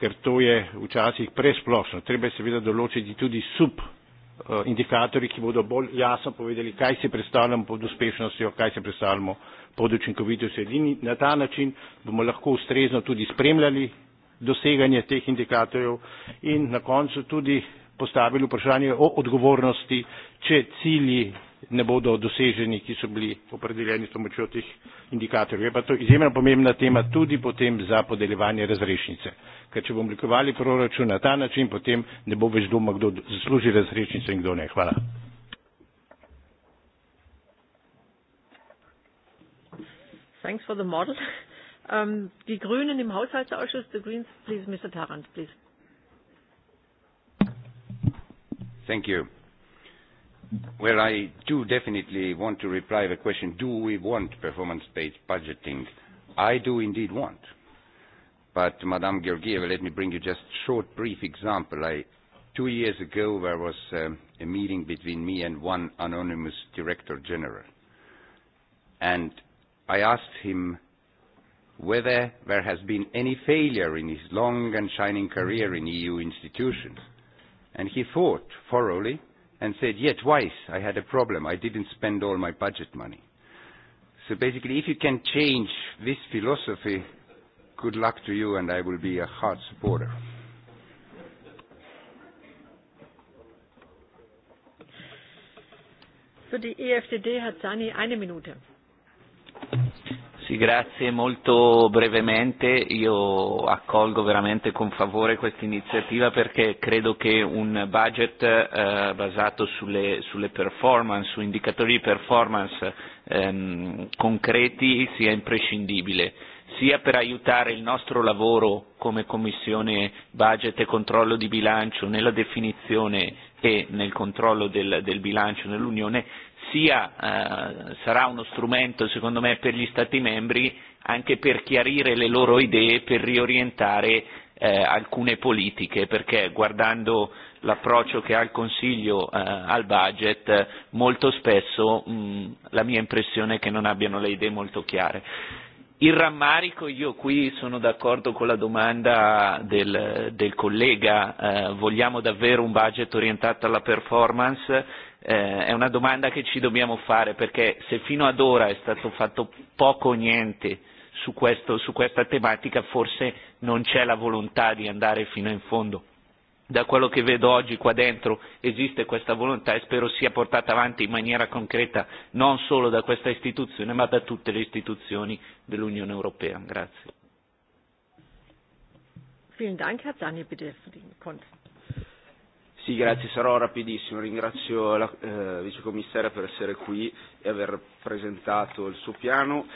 ker to je včasih presplošno. Treba je seveda določiti tudi sub eh, indikatorji, ki bodo bolj jasno povedali, kaj si predstavljamo pod uspešnostjo, kaj si predstavljamo pod učinkovitostjo. In na ta način bomo lahko ustrezno tudi spremljali doseganje teh indikatorjev in na koncu tudi postavili vprašanje o odgovornosti, če cilji ne bodo doseženi, ki so bili opredeljeni s pomočjo teh indikatorjev. Je pa to izjemno pomembna tema tudi potem za podeljevanje razrešnice. Ker če bomo oblikovali proračun na ta način, potem ne bo več doma, kdo zasluži razrešnico in kdo ne. Hvala. Thanks for the model. Um, die Grünen im Haushaltsausschuss, the Greens, please, Mr. Tarrant, please. Thank you where I do definitely want to reply the question, do we want performance-based budgeting? I do indeed want. But Madame Georgieva, let me bring you just short, brief example. I, two years ago, there was um, a meeting between me and one anonymous director general. And I asked him whether there has been any failure in his long and shining career in EU institutions. And he thought thoroughly and said, yeah, twice I had a problem. I didn't spend all my budget money. So basically, if you can change this philosophy, good luck to you, and I will be a hard supporter. Für die EFDD hat Sani eine Minute. Sì, grazie. Molto brevemente io accolgo veramente con favore questa iniziativa perché credo che un budget eh, basato sulle, sulle performance, su indicatori di performance ehm, concreti sia imprescindibile sia per aiutare il nostro lavoro come Commissione Budget e Controllo di Bilancio nella definizione e nel controllo del, del bilancio nell'Unione, sia eh, sarà uno strumento secondo me per gli Stati membri anche per chiarire le loro idee, per riorientare eh, alcune politiche, perché guardando l'approccio che ha il Consiglio eh, al budget, molto spesso mh, mm, la mia impressione è che non abbiano le idee molto chiare. Il rammarico, io qui sono d'accordo con la domanda del, del collega, eh, vogliamo davvero un budget orientato alla performance? eh, è una domanda che ci dobbiamo fare perché se fino ad ora è stato fatto poco o niente su, questo, su questa tematica forse non c'è la volontà di andare fino in fondo. Da quello che vedo oggi qua dentro esiste questa volontà e spero sia portata avanti in maniera concreta non solo da questa istituzione ma da tutte le istituzioni dell'Unione Europea. Grazie. Vielen Dank, Herr Zanni, bitte für den Kontext. Sì, grazie, sarò rapidissimo. Ringrazio la eh, vicecommissaria per essere qui e aver presentato il suo piano.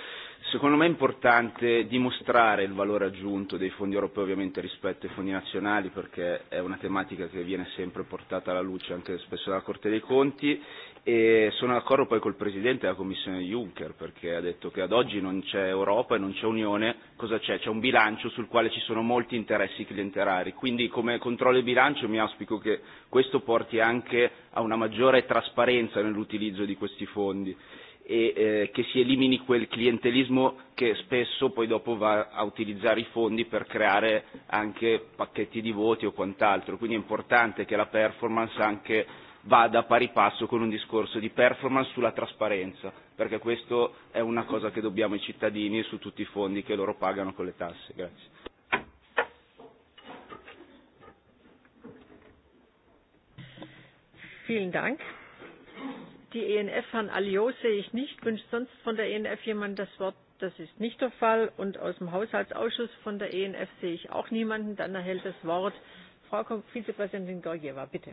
Secondo me è importante dimostrare il valore aggiunto dei fondi europei ovviamente rispetto ai fondi nazionali perché è una tematica che viene sempre portata alla luce anche spesso dalla Corte dei Conti E sono d'accordo poi col Presidente della Commissione Juncker perché ha detto che ad oggi non c'è Europa e non c'è Unione, cosa c'è? C'è un bilancio sul quale ci sono molti interessi clientelari, quindi come controllo di bilancio mi auspico che questo porti anche a una maggiore trasparenza nell'utilizzo di questi fondi e eh, che si elimini quel clientelismo che spesso poi dopo va a utilizzare i fondi per creare anche pacchetti di voti o quant'altro, quindi è importante che la performance anche vada a pari passo con un discorso di performance sulla trasparenza, perché questo è una cosa che dobbiamo ai cittadini e su tutti i fondi che loro pagano con le tasse. Grazie. Vielen Dank. Die ENF, Herrn Alliot, sehe ich nicht. Wünscht sonst von der ENF jemand das Wort? Das ist nicht der Fall. Und aus dem Haushaltsausschuss von der ENF sehe ich auch niemanden. Dann erhält das Wort Frau Vizepräsidentin Gorjeva, bitte.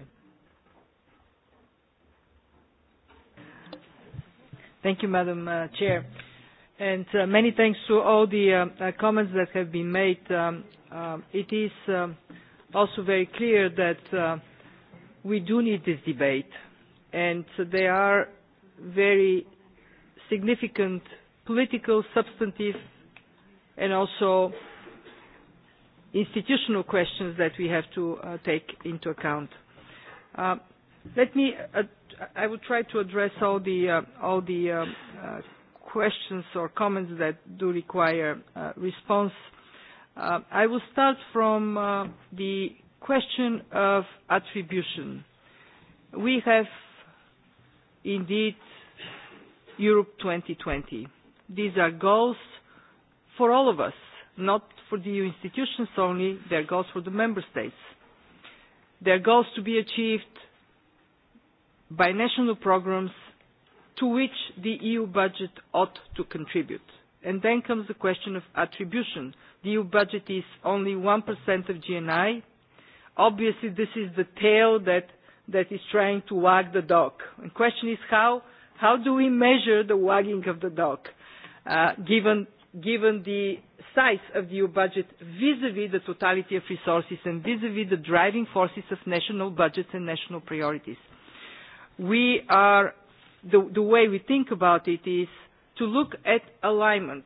Thank you, Madam uh, Chair. And uh, many thanks to all the uh, uh, comments that have been made. Um, uh, it is um, also very clear that uh, we do need this debate. And there are very significant political, substantive, and also institutional questions that we have to uh, take into account. Uh, let me uh, I will try to address all the, uh, all the uh, uh, questions or comments that do require uh, response. Uh, I will start from uh, the question of attribution. We have indeed Europe 2020. These are goals for all of us, not for the EU institutions only. They're goals for the member states. They're goals to be achieved by national programs to which the EU budget ought to contribute. And then comes the question of attribution. The EU budget is only 1% of GNI. Obviously, this is the tail that, that is trying to wag the dog. The question is how, how do we measure the wagging of the dog, uh, given, given the size of the EU budget vis-à-vis -vis the totality of resources and vis-à-vis -vis the driving forces of national budgets and national priorities? we are the, the way we think about it is to look at alignment.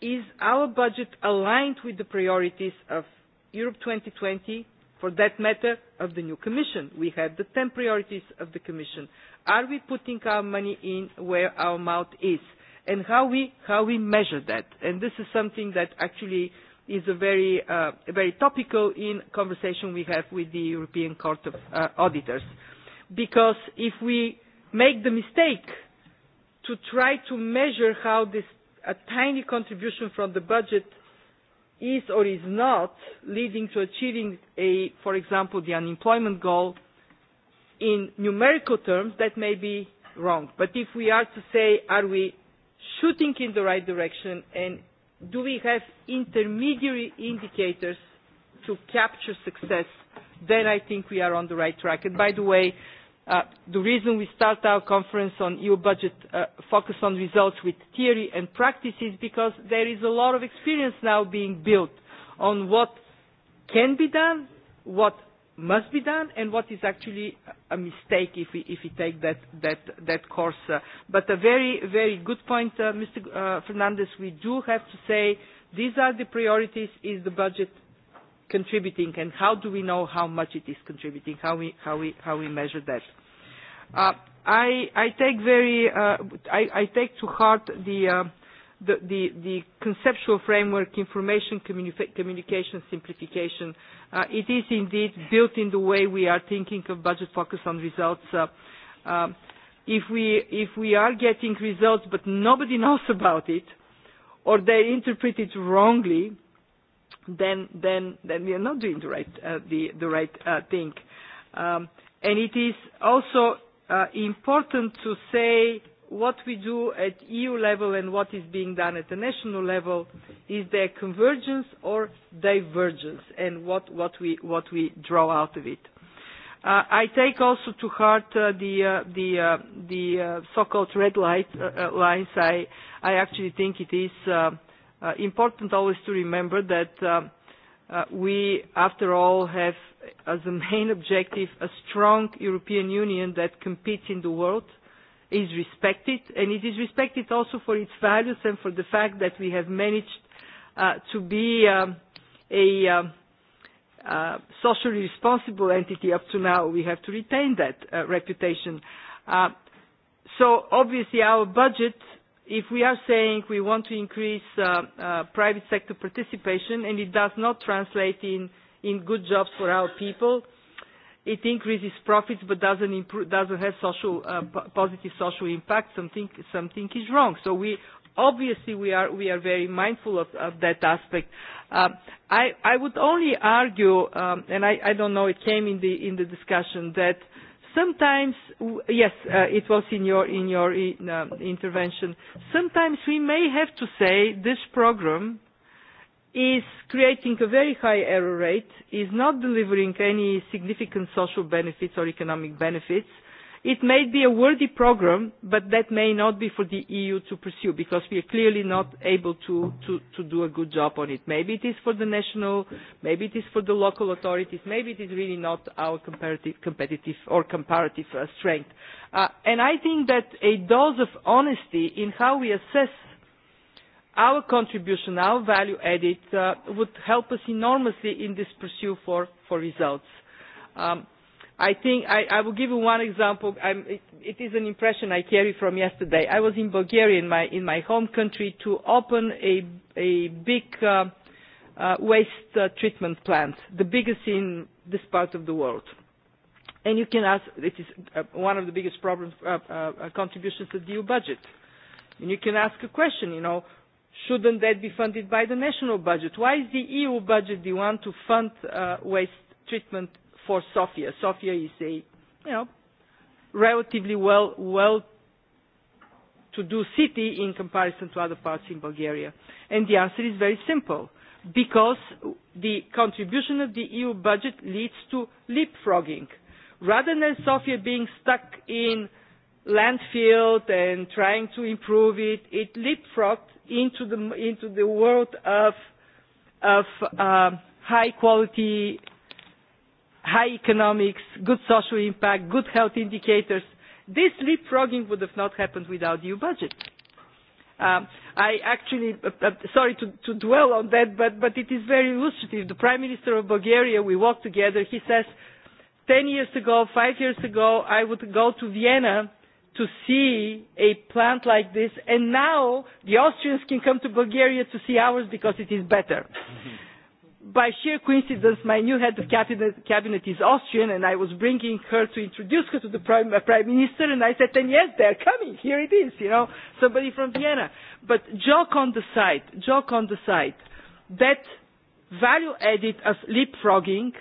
Is our budget aligned with the priorities of Europe 2020, for that matter, of the new Commission? We have the 10 priorities of the Commission. Are we putting our money in where our mouth is? And how we, how we measure that? And this is something that actually is a very, uh, very topical in conversation we have with the European Court of uh, Auditors. Uh, because if we make the mistake to try to measure how this a tiny contribution from the budget is or is not leading to achieving a for example the unemployment goal in numerical terms that may be wrong but if we are to say are we shooting in the right direction and do we have intermediary indicators to capture success then i think we are on the right track and by the way Uh, the reason we start our conference on EU budget uh, focus on results with theory and practice is because there is a lot of experience now being built on what can be done, what must be done, and what is actually a mistake if we, if we take that, that, that course. Uh, but a very, very good point, uh, Mr. Uh, Fernandez. We do have to say these are the priorities. Is the budget contributing and how do we know how much it is contributing, how we, how we, how we measure that. Uh, I, I take very, uh, I, I take to heart the, uh, the, the, the conceptual framework, information communi- communication simplification. Uh, it is indeed built in the way we are thinking of budget focus on results. Uh, um, if we, if we are getting results but nobody knows about it, or they interpret it wrongly, then then then we are not doing the right uh, the the right uh, thing. Um, and it is also uh, important to say what we do at EU level and what is being done at the national level is there convergence or divergence, and what what we what we draw out of it. Uh, I take also to heart uh, the uh, the uh, the uh, so-called red light uh, uh, lines. I I actually think it is. Uh, uh, important always to remember that um, uh, we, after all, have as a main objective a strong European Union that competes in the world, is respected, and it is respected also for its values and for the fact that we have managed uh, to be um, a um, uh, socially responsible entity up to now. We have to retain that uh, reputation. Uh, so obviously our budget uh, if we are saying we want to increase uh, uh, private sector participation and it does not translate in, in good jobs for our people, it increases profits but doesn't, improve, doesn't have social, uh, p- positive social impact, something, something is wrong. So we, obviously we are, we are very mindful of, of that aspect. Uh, I, I would only argue, um, and I, I don't know, it came in the, in the discussion, that uh, sometimes yes uh, it was in your in your in, uh, intervention sometimes we may have to say this program is creating a very high error rate is not delivering any significant social benefits or economic benefits It may be a worthy program, but that may not be for the EU to pursue because we are clearly not able to, to, to do a good job on it. Maybe it is for the national, maybe it is for the local authorities, maybe it is really not our comparative, competitive or comparative uh, strength. Uh, and I think that a dose of honesty in how we assess our contribution, our value added, uh, would help us enormously in this pursuit for, for results. Um, I think I, I will give you one example. I'm, it, it is an impression I carry from yesterday. I was in Bulgaria, in my, in my home country, to open a, a big uh, uh, waste uh, treatment plant, the biggest in this part of the world. And you can ask, it is uh, one of the biggest problems, uh, uh, uh contributions to the EU budget. And you can ask a question, you know, shouldn't that be funded by the national budget? Why is the EU budget the one to fund uh, waste treatment for Sofia. Sofia is a you know, relatively well well to do city in comparison to other parts in Bulgaria. And the answer is very simple. Because the contribution of the EU budget leads to leapfrogging. Rather than Sofia being stuck in landfill and trying to improve it, it leapfrogged into the, into the world of, of uh, high quality high economics, good social impact, good health indicators. This leapfrogging would have not happened without EU budget. Um, I actually, uh, uh, sorry to, to dwell on that, but, but it is very illustrative. The Prime Minister of Bulgaria, we walked together, he says, 10 years ago, 5 years ago, I would go to Vienna to see a plant like this, and now the Austrians can come to Bulgaria to see ours because it is better. Mm-hmm. by sheer coincidence, my new head of cabinet, cabinet is Austrian, and I was bringing her to introduce her to the prime, uh, prime minister, and I said, "Then yes, they're coming. Here it is, you know, somebody from Vienna." But joke on the side, joke on the side, that value added of leapfrogging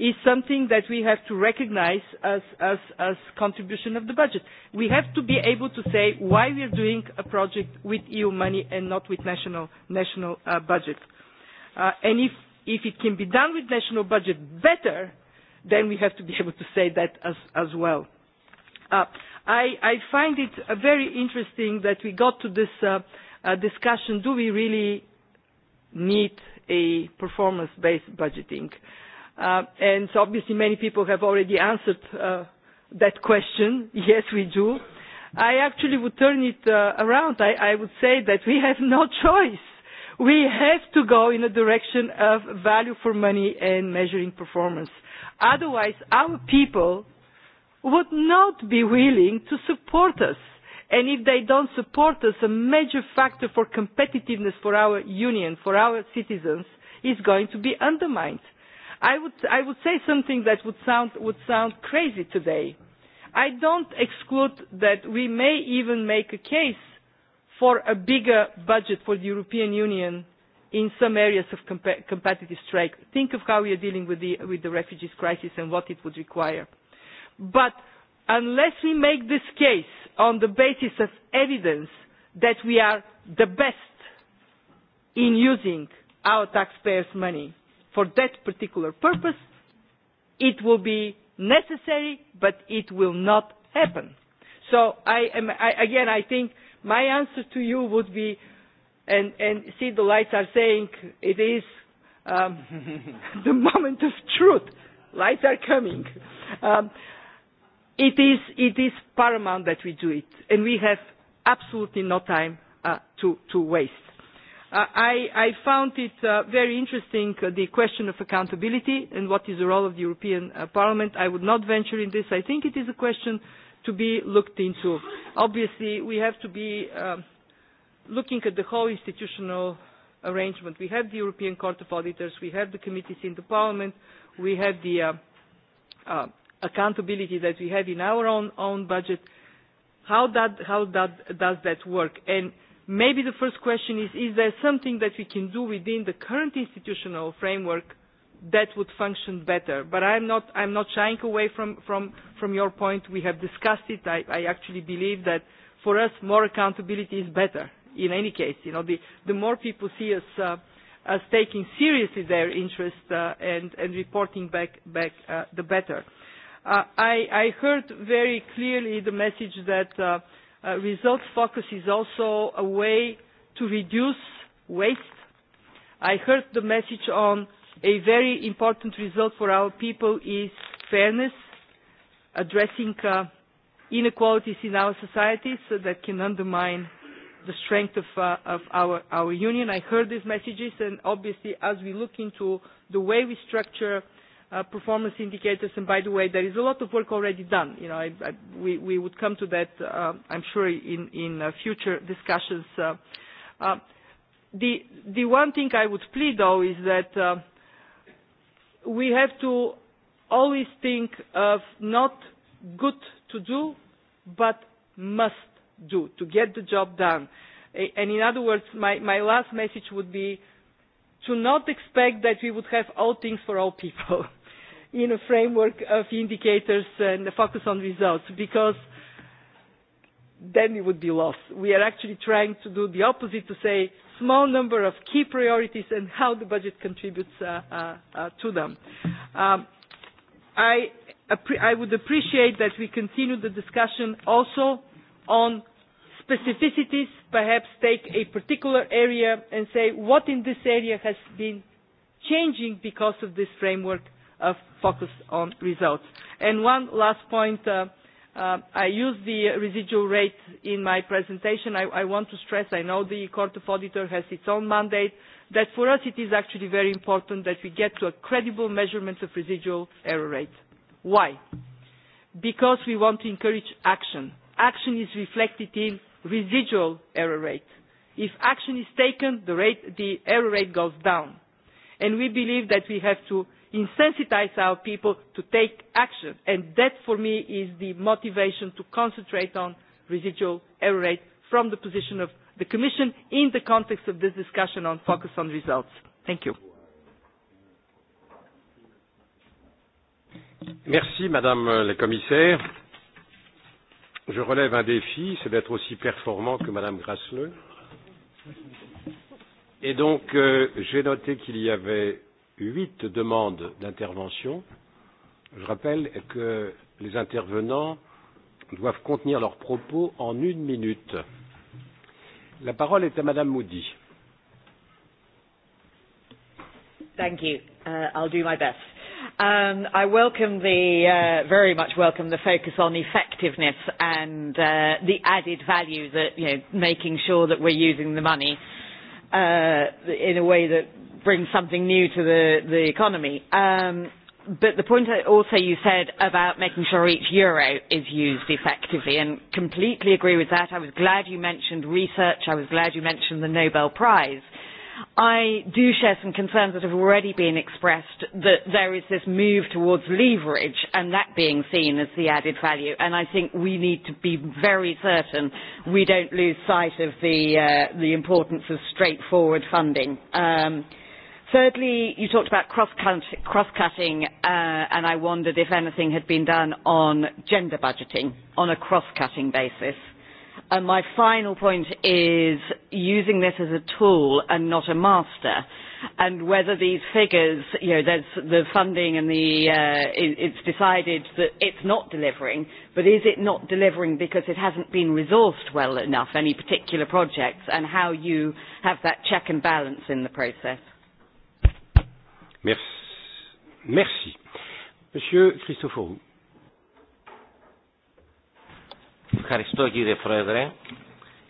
is something that we have to recognize as, as, as contribution of the budget. We have to be able to say why we are doing a project with EU money and not with national, national uh, budget. Uh, and if if it can be done with national budget better, then we have to be able to say that as, as well. Uh, I, I find it uh, very interesting that we got to this uh, uh, discussion, do we really need a performance-based budgeting? Uh, and so obviously many people have already answered uh, that question. Yes, we do. I actually would turn it uh, around. I, I would say that we have no choice we have to go in the direction of value for money and measuring performance. Otherwise, our people would not be willing to support us. And if they don't support us, a major factor for competitiveness for our union, for our citizens, is going to be undermined. I would, I would say something that would sound, would sound crazy today. I don't exclude that we may even make a case for a bigger budget for the European Union in some areas of comp competitive strike. Think of how we are dealing with the, with the refugees crisis and what it would require. But unless we make this case on the basis of evidence that we are the best in using our taxpayers' money for that particular purpose, it will be necessary, but it will not happen. So, I am, I, again, I think my answer to you would be and and see the lights are saying it is um, the moment of truth lights are coming um, it is it is paramount that we do it and we have absolutely no time uh, to to waste uh, I, I found it uh, very interesting, uh, the question of accountability and what is the role of the European uh, Parliament. I would not venture in this. I think it is a question uh, to be looked into. Obviously, we have to be um, looking at the whole institutional arrangement. We have the European Court of Auditors, we have the committees in the Parliament, we have the uh, uh, accountability that we have in our own, own budget. How, that, how that, does that work? And maybe the first question is, is there something that we can do within the current institutional framework that would function better. But I'm not, I'm not shying away from, from, from your point. We have discussed it. I, I actually believe that for us, more accountability is better. In any case, you know, the, the more people see us, uh, us taking seriously their interest uh, and, and reporting back, back uh, the better. Uh, I, I heard very clearly the message that uh, uh, result focus is also a way to reduce waste. I heard the message on a very important result for our people is fairness, addressing uh, inequalities in our societies so that can undermine the strength of, uh, of our, our union. I heard these messages and obviously as we look into the way we structure uh, performance indicators, and by the way, there is a lot of work already done. You know, I, I, we, we would come to that, uh, I'm sure, in, in uh, future discussions. Uh, uh, the, the one thing I would plead, though, is that uh, we have to always think of not good to do, but must do to get the job done. And in other words, my, my last message would be to not expect that we would have all things for all people in a framework of indicators and a focus on results, because then we would be lost. We are actually trying to do the opposite to say, small number of key priorities and how the budget contributes uh, uh, uh, to them. Um, I, I would appreciate that we continue the discussion also on specificities, perhaps take a particular area and say what in this area has been changing because of this framework of focus on results. And one last point, uh, Uh, I used the residual rate in my presentation. I, I want to stress, I know the Court of Auditor has its own mandate, that for us it is actually very important that we get to a credible measurement of residual error rate. Why? Because we want to encourage action. Action is reflected in residual error rate. If action is taken, the, rate, the error rate goes down. And we believe that we have to insensitise our people to take action and that for me is the motivation to concentrate on residual error rate from the position of the commission in the context of this discussion on focus on results. thank you. Merci Madame la Commissaire. Je relève un défi, c'est d'être aussi performant que Madame Grasseleux. Et donc, euh, j'ai noté qu'il y avait huit demandes d'intervention. Je rappelle que les intervenants doivent contenir leurs propos en une minute. La parole est à Madame Moody. Thank you. Uh, I'll do my best. Um, I welcome the, uh, very much welcome the focus on effectiveness and uh, the added value that, you know, making sure that we're using the money uh, uh, in a way that brings something new to the, the economy. Um, but the point also you said about making sure each euro is used effectively, and completely agree with that. I was glad you mentioned research. I was glad you mentioned the Nobel Prize I do share some concerns that have already been expressed that there is this move towards leverage and that being seen as the added value. And I think we need to be very certain we don't lose sight of the, uh, the importance of straightforward funding. Um, Thirdly, you talked about cross-cutting, cross uh, and I wondered if anything had been done on gender budgeting on a cross-cutting basis. And my final point is using this as a tool and not a master. And whether these figures, you know, there's the funding and the, uh, it, it's decided that it's not delivering, but is it not delivering because it hasn't been resourced well enough, any particular projects, and how you have that check and balance in the process? Merci. Merci. Monsieur Christophorou. Ευχαριστώ κύριε Πρόεδρε.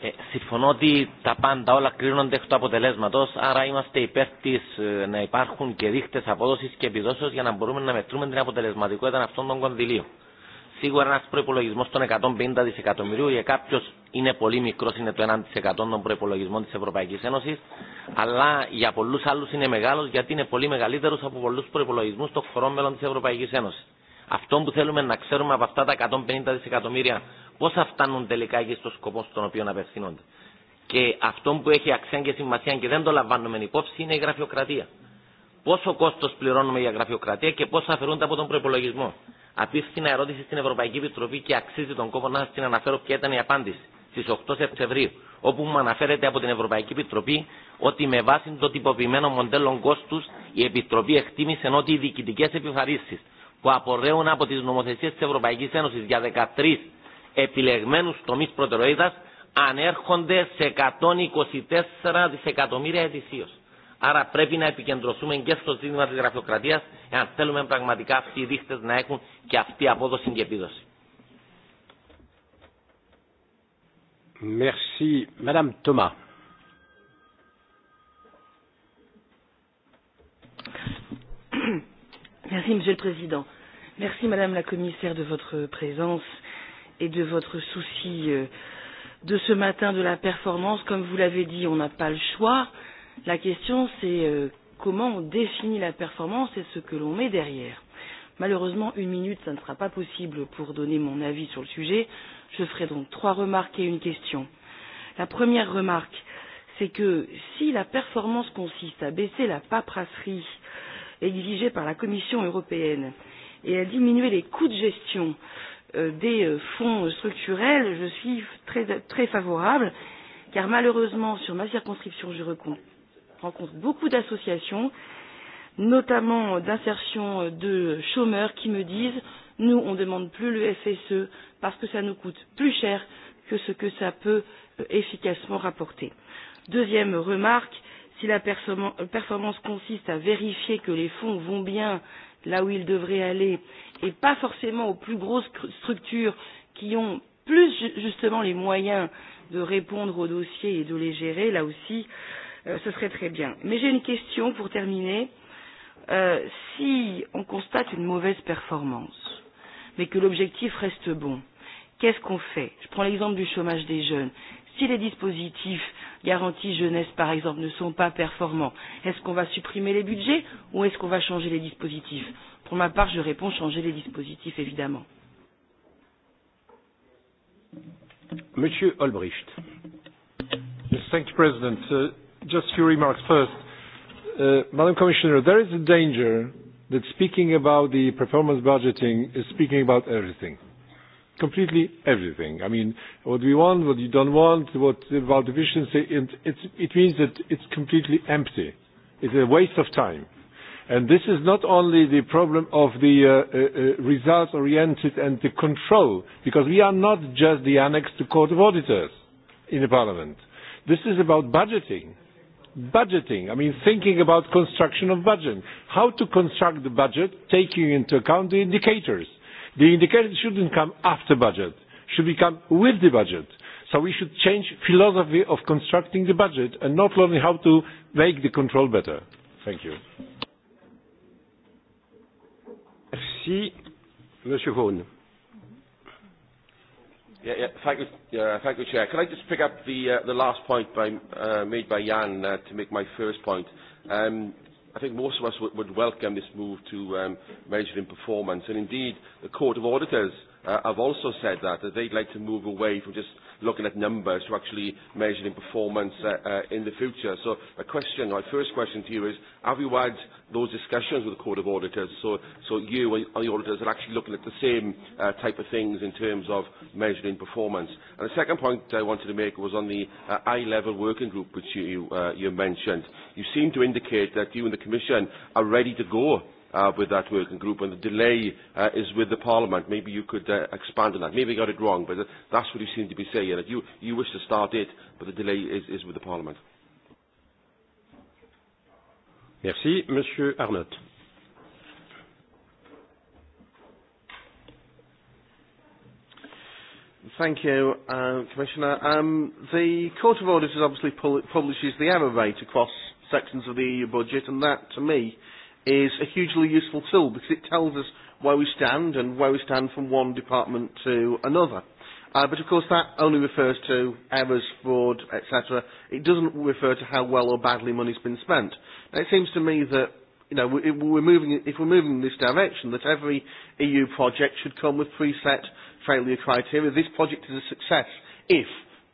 Ε, συμφωνώ ότι τα πάντα όλα κρίνονται εκ του αποτελέσματο, άρα είμαστε υπέρ τη ε, να υπάρχουν και δείκτε απόδοση και επιδόσεω για να μπορούμε να μετρούμε την αποτελεσματικότητα αυτών των κονδυλίων. Σίγουρα ένα προπολογισμό των 150 δισεκατομμυρίων για κάποιο είναι πολύ μικρό, είναι το 1% των προπολογισμών τη Ευρωπαϊκή Ένωση, αλλά για πολλού άλλου είναι μεγάλο γιατί είναι πολύ μεγαλύτερο από πολλού προπολογισμού των χωρών μέλων τη Ευρωπαϊκή Ένωση. Αυτό που θέλουμε να ξέρουμε από αυτά τα 150 δισεκατομμύρια πόσα φτάνουν τελικά εκεί στο σκοπό στον οποίο απευθύνονται. Και αυτό που έχει αξία και σημασία και δεν το λαμβάνουμε υπόψη είναι η γραφειοκρατία. Πόσο κόστο πληρώνουμε για γραφειοκρατία και πόσα αφαιρούνται από τον προπολογισμό. Απίφθηνα ερώτηση στην Ευρωπαϊκή Επιτροπή και αξίζει τον κόπο να την αναφέρω ποια ήταν η απάντηση στι 8 Σεπτεμβρίου, όπου μου αναφέρεται από την Ευρωπαϊκή Επιτροπή ότι με βάση το τυποποιημένο μοντέλο κόστου η Επιτροπή εκτίμησε ότι οι διοικητικέ επιβαρύνσει που απορρέουν από τις νομοθεσίες της Ευρωπαϊκής Ένωσης για 13 επιλεγμένους τομείς προτεραιότητας ανέρχονται σε 124 δισεκατομμύρια ετησίως. Άρα πρέπει να επικεντρωθούμε και στο ζήτημα της γραφειοκρατίας εάν θέλουμε πραγματικά αυτοί οι δείχτες να έχουν και αυτή απόδοση και επίδοση. Merci. Madame Thomas. Merci, Monsieur le Président. Merci, Madame la Commissaire, de votre présence et de votre souci euh, de ce matin de la performance. Comme vous l'avez dit, on n'a pas le choix. La question, c'est euh, comment on définit la performance et ce que l'on met derrière. Malheureusement, une minute, ça ne sera pas possible pour donner mon avis sur le sujet. Je ferai donc trois remarques et une question. La première remarque, c'est que si la performance consiste à baisser la paperasserie euh, exigées par la Commission européenne et à diminuer les coûts de gestion euh, des euh, fonds structurels, je suis très, très favorable, car malheureusement, sur ma circonscription, je rencontre beaucoup d'associations, notamment d'insertion de chômeurs, qui me disent nous, on ne demande plus le FSE parce que ça nous coûte plus cher que ce que ça peut euh, efficacement rapporter. Deuxième remarque, euh, si la performance consiste à vérifier que les fonds vont bien là où ils devraient aller et pas forcément aux plus grosses structures qui ont plus justement les moyens de répondre aux dossiers et de les gérer, là aussi, euh, ce serait très bien. Mais j'ai une question pour terminer. Euh, si on constate une mauvaise performance, mais que l'objectif reste bon, qu'est-ce qu'on fait Je prends l'exemple du chômage des jeunes. Si les dispositifs garantie jeunesse, par exemple, ne sont pas performants, est-ce qu'on va supprimer les budgets ou est-ce qu'on va changer les dispositifs Pour ma part, je réponds changer les dispositifs, évidemment. Monsieur Olbricht. Yes, thank you, President. Uh, just a few remarks first. Uh, Madam Commissioner, there is a danger that speaking about the performance budgeting is speaking about everything. Uh, completely everything. I mean, what we want, what you don't want, what about efficiency, it, it's, it means that it's completely empty. It's a waste of time. And this is not only the problem of the uh, uh, uh, results-oriented and the control, because we are not just the annex to Court of Auditors in the Parliament. This is about budgeting. Budgeting, I mean thinking about construction of budget. How to construct the budget taking into account the indicators The indicators shouldn't come after budget, should become with the budget. So we should change philosophy of constructing the budget and not only how to make the control better. Thank you. Merci. Monsieur Vaughan. Yeah, yeah. Thank you, uh, thank you, Chair. Can I just pick up the, uh, the last point by, uh, made by Jan uh, to make my first point? Um, I think most of us would, would welcome this move to um, measuring performance. And indeed, the Court of Auditors uh, have also said that, that they'd like to move away from just looking at numbers to actually measuring performance uh, uh, in the future. So my question, my first question to you is, have you had those discussions with the Court of Auditors so, so you and the auditors are actually looking at the same uh, type of things in terms of measuring performance? And the second point I wanted to make was on the uh, eye-level working group which you, uh, you mentioned. You seem to indicate that you and the Commission are ready to go uh, with that working group, and the delay uh, is with the Parliament. Maybe you could uh, expand on that. Maybe I got it wrong, but that's what you seem to be saying. That you, you wish to start it, but the delay is, is with the Parliament. Merci. Monsieur Arnott. Thank you, uh, Commissioner. Um, the Court of Auditors obviously pu publishes the error rate across sections of the EU budget, and that, to me, uh, is a hugely useful tool because it tells us where we stand and where we stand from one department to another. Uh, but of course that only refers to errors, fraud, etc. It doesn't refer to how well or badly money's been spent. Now it seems to me that you know, we're moving, if we're moving in this direction, that every EU project should come with preset failure criteria. This project is a success if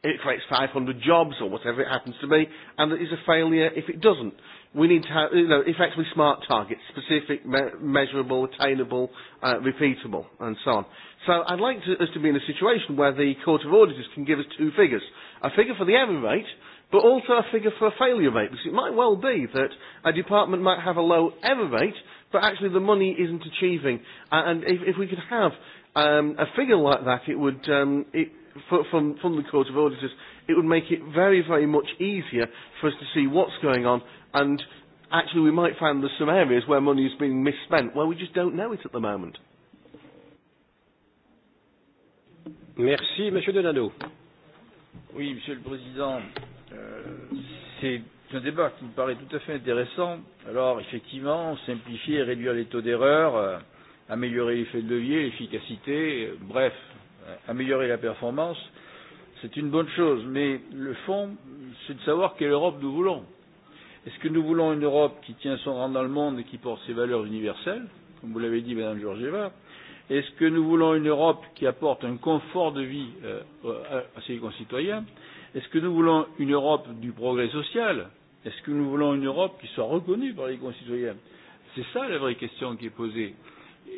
it creates 500 jobs or whatever it happens to be, and it is a failure if it doesn't we need to have, you know, effectively smart targets, specific, me- measurable, attainable, uh, repeatable, and so on. So I'd like to, us to be in a situation where the Court of Auditors can give us two figures. A figure for the error rate, but also a figure for a failure rate, because it might well be that a department might have a low error rate, but actually the money isn't achieving. And if, if we could have um, a figure like that, it would, um, it, from, from the Court of Auditors, it would make it very, very much easier for us to see what's going on And actually, we might find there's some areas where money is being misspent where we just don't know it at the moment. Merci, Monsieur Denado. Oui, Monsieur le Président, euh, c'est un débat qui me paraît tout à fait intéressant. Alors, effectivement, simplifier, réduire les taux d'erreur, euh, améliorer l'effet de levier, l'efficacité, euh, bref, euh, améliorer la performance, c'est une bonne chose. Mais le fond, c'est de savoir quelle Europe nous voulons. Euh, Est-ce que nous voulons une Europe qui tient son rang dans le monde et qui porte ses valeurs universelles, comme vous l'avez dit, Madame Georgieva Est-ce que nous voulons une Europe qui apporte un confort de vie euh, euh, à ses concitoyens Est-ce que nous voulons une Europe du progrès social Est-ce que nous voulons une Europe qui soit reconnue par les concitoyens C'est ça la vraie question qui est posée.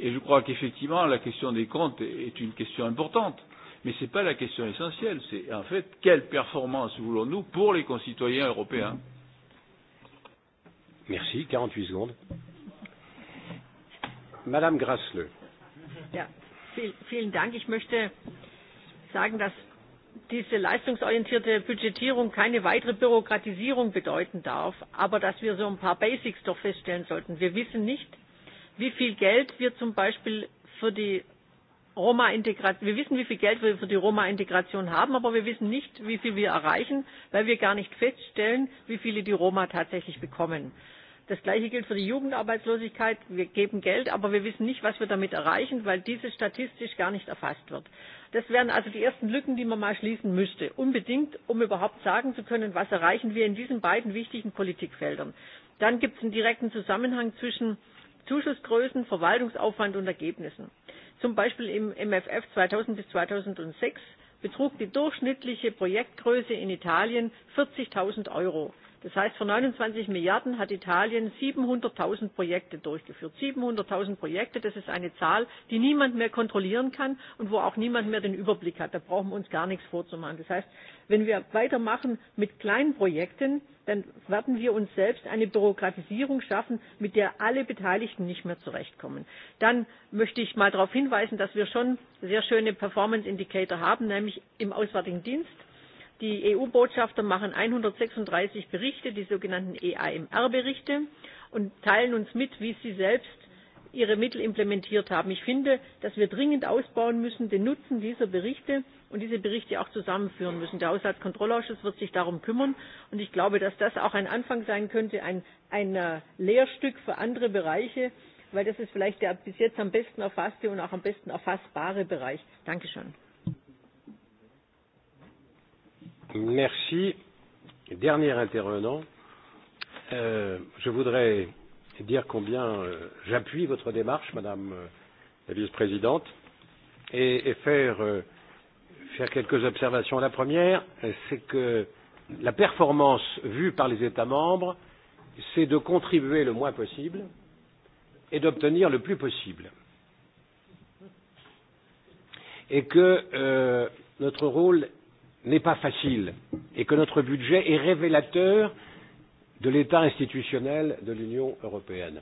Et je crois qu'effectivement, la question des comptes est une question importante. Mais ce n'est pas la question essentielle. C'est en fait quelle performance voulons-nous pour les concitoyens européens mmh. Merci, 48 secondes. Madame Graslö. Ja, viel, vielen Dank. Ich möchte sagen, dass diese leistungsorientierte Budgetierung keine weitere Bürokratisierung bedeuten darf, aber dass wir so ein paar Basics doch feststellen sollten. Wir wissen nicht, wie viel Geld wir zum Beispiel für die Roma-Integration. Wir wissen, wie viel Geld wir für die Roma-Integration haben, aber wir wissen nicht, wie viel wir erreichen, weil wir gar nicht feststellen, wie viele die Roma tatsächlich bekommen. Das Gleiche gilt für die Jugendarbeitslosigkeit. Wir geben Geld, aber wir wissen nicht, was wir damit erreichen, weil diese statistisch gar nicht erfasst wird. Das wären also die ersten Lücken, die man mal schließen müsste, unbedingt, um überhaupt sagen zu können, was erreichen wir in diesen beiden wichtigen Politikfeldern. Dann gibt es einen direkten Zusammenhang zwischen Zuschussgrößen, Verwaltungsaufwand und Ergebnissen Zum Beispiel im MFF 2000 bis 2006 betrug die durchschnittliche Projektgröße in Italien 40.000 Euro. Das heißt, für 29 Milliarden hat Italien 700.000 Projekte durchgeführt. 700.000 Projekte, das ist eine Zahl, die niemand mehr kontrollieren kann und wo auch niemand mehr den Überblick hat. Da brauchen wir uns gar nichts vorzumachen. Das heißt, wenn wir weitermachen mit kleinen Projekten, dann werden wir uns selbst eine Bürokratisierung schaffen, mit der alle Beteiligten nicht mehr zurechtkommen. Dann möchte ich mal darauf hinweisen, dass wir schon sehr schöne Performance Indicator haben, nämlich im Auswärtigen Dienst Die EU-Botschafter machen 136 Berichte, die sogenannten EAMR-Berichte, und teilen uns mit, wie sie selbst ihre Mittel implementiert haben. Ich finde, dass wir dringend ausbauen müssen den Nutzen dieser Berichte und diese Berichte auch zusammenführen müssen. Der Haushaltskontrollausschuss wird sich darum kümmern und ich glaube, dass das auch ein Anfang sein könnte, ein, ein äh, Lehrstück für andere Bereiche, weil das ist vielleicht der bis jetzt am besten erfasste und auch am besten erfassbare Bereich. Dankeschön. Merci. Dernier intervenant, euh, je voudrais dire combien euh, j'appuie votre démarche, Madame euh, la vice-présidente, et, et faire, euh, faire quelques observations. La première, c'est que la performance vue par les États membres, c'est de contribuer le moins possible et d'obtenir le plus possible. Et que euh, notre rôle n'est pas facile et que notre budget est révélateur de l'état institutionnel de l'Union européenne.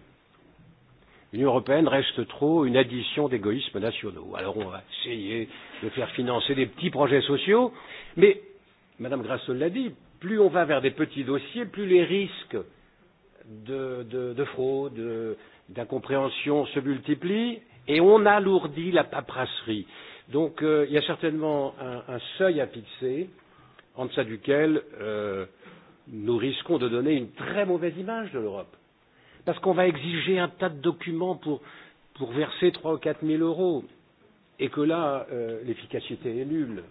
L'Union européenne reste trop une addition d'égoïsmes nationaux. Alors on va essayer de faire financer des petits projets sociaux, mais Madame Grassol l'a dit, plus on va vers des petits dossiers, plus les risques de, de, de fraude, d'incompréhension se multiplient et on alourdit la paperasserie. Euh, Donc euh, il y a certainement un, un seuil à fixer en deçà duquel euh, nous risquons de donner une très mauvaise image de l'Europe. Parce qu'on va exiger un tas de documents pour, pour verser 3 ou 4 000 euros et que là, euh, l'efficacité est nulle.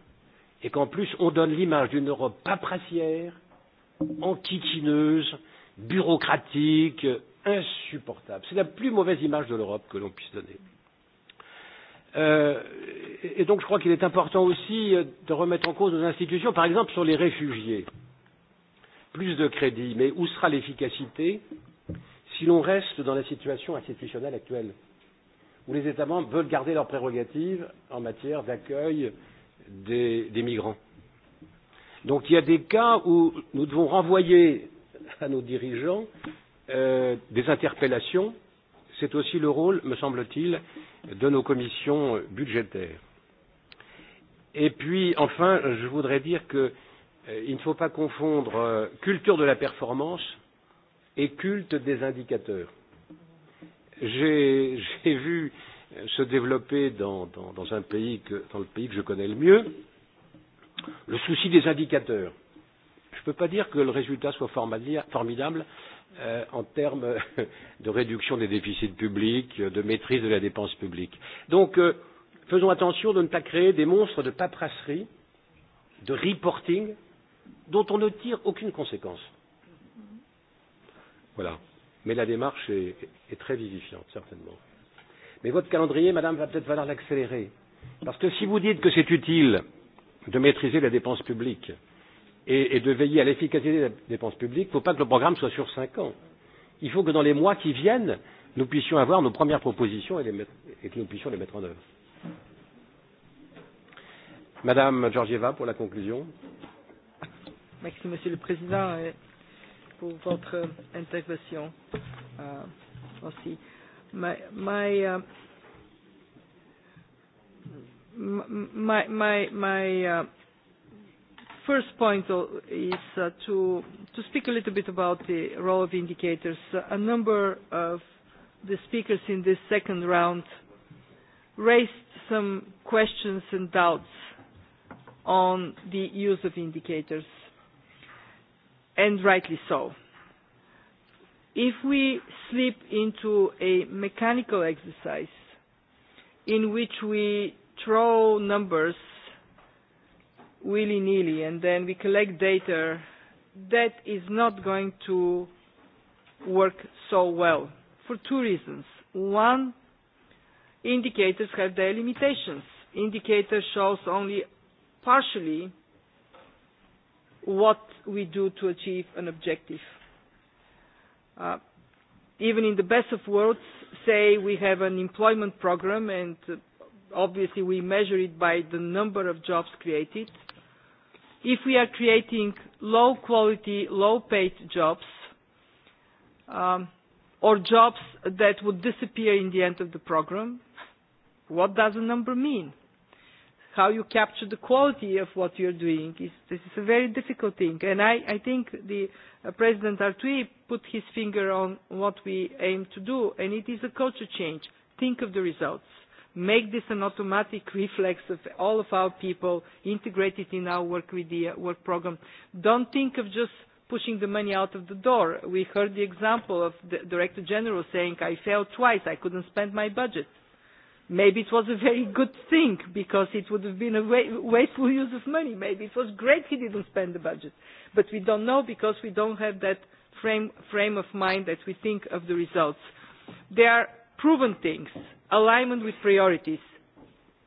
Et qu'en plus, on donne l'image d'une Europe paprassière, antiquineuse, bureaucratique, insupportable. C'est la plus mauvaise image de l'Europe que l'on puisse donner. Euh, Euh, et donc je crois qu'il est important aussi euh, de remettre en cause nos institutions, par exemple sur les réfugiés. Plus de crédits, mais où sera l'efficacité si l'on reste dans la situation institutionnelle actuelle, où les États membres veulent garder leurs prérogatives en matière d'accueil des, des migrants Donc il y a des cas où nous devons renvoyer à nos dirigeants euh, des interpellations. C'est aussi le rôle, me semble-t-il, de nos commissions budgétaires. Et puis, enfin, je voudrais dire qu'il euh, ne faut pas confondre euh, culture de la performance et culte des indicateurs. J'ai vu euh, se développer dans, dans, dans, un pays que, dans le pays que je connais le mieux le souci des indicateurs. Je ne peux pas dire que le résultat soit formidable, euh, en termes de réduction des déficits publics, de maîtrise de la dépense publique. Donc, euh, faisons attention de ne pas créer des monstres de paperasserie, de reporting, dont on ne tire aucune conséquence. Voilà. Mais la démarche est, est très vivifiante, certainement. Mais votre calendrier, madame, va peut-être falloir l'accélérer. Parce que si vous dites que c'est utile de maîtriser la dépense publique, et, et de veiller à l'efficacité des dépenses publiques, il ne faut pas que le programme soit sur cinq ans. Il faut que dans les mois qui viennent, nous puissions avoir nos premières propositions et, les mettre, et que nous puissions les mettre en œuvre. Madame Georgieva, pour la conclusion. Merci, Monsieur le Président, et euh, pour votre euh, intervention euh, aussi. My, my, uh, my, my, my uh, first point is uh, to, to speak a little bit about the role of indicators. A number of the speakers in this second round raised some questions and doubts on the use of indicators, and rightly so. If we slip into a mechanical exercise in which we throw numbers willy-nilly and then we collect data, that is not going to work so well for two reasons. One, indicators have their limitations. Indicator shows only partially what we do to achieve an objective. Uh, even in the best of worlds, say we have an employment program and uh, obviously we measure it by the number of jobs created, if we are creating low quality, low paid jobs, um, or jobs that would disappear in the end of the program, what does a number mean? How you capture the quality of what you're doing is this is a very difficult thing, and I, I think the uh, President Artui put his finger on what we aim to do, and it is a culture change. Think of the results make this an automatic reflex of all of our people, integrate it in our work with the uh, work program. Don't think of just pushing the money out of the door. We heard the example of the Director General saying, I failed twice, I couldn't spend my budget. Maybe it was a very good thing because it would have been a wasteful use of money. Maybe it was great he didn't spend the budget. But we don't know because we don't have that frame, frame of mind that we think of the results. There are proven things alignment with priorities.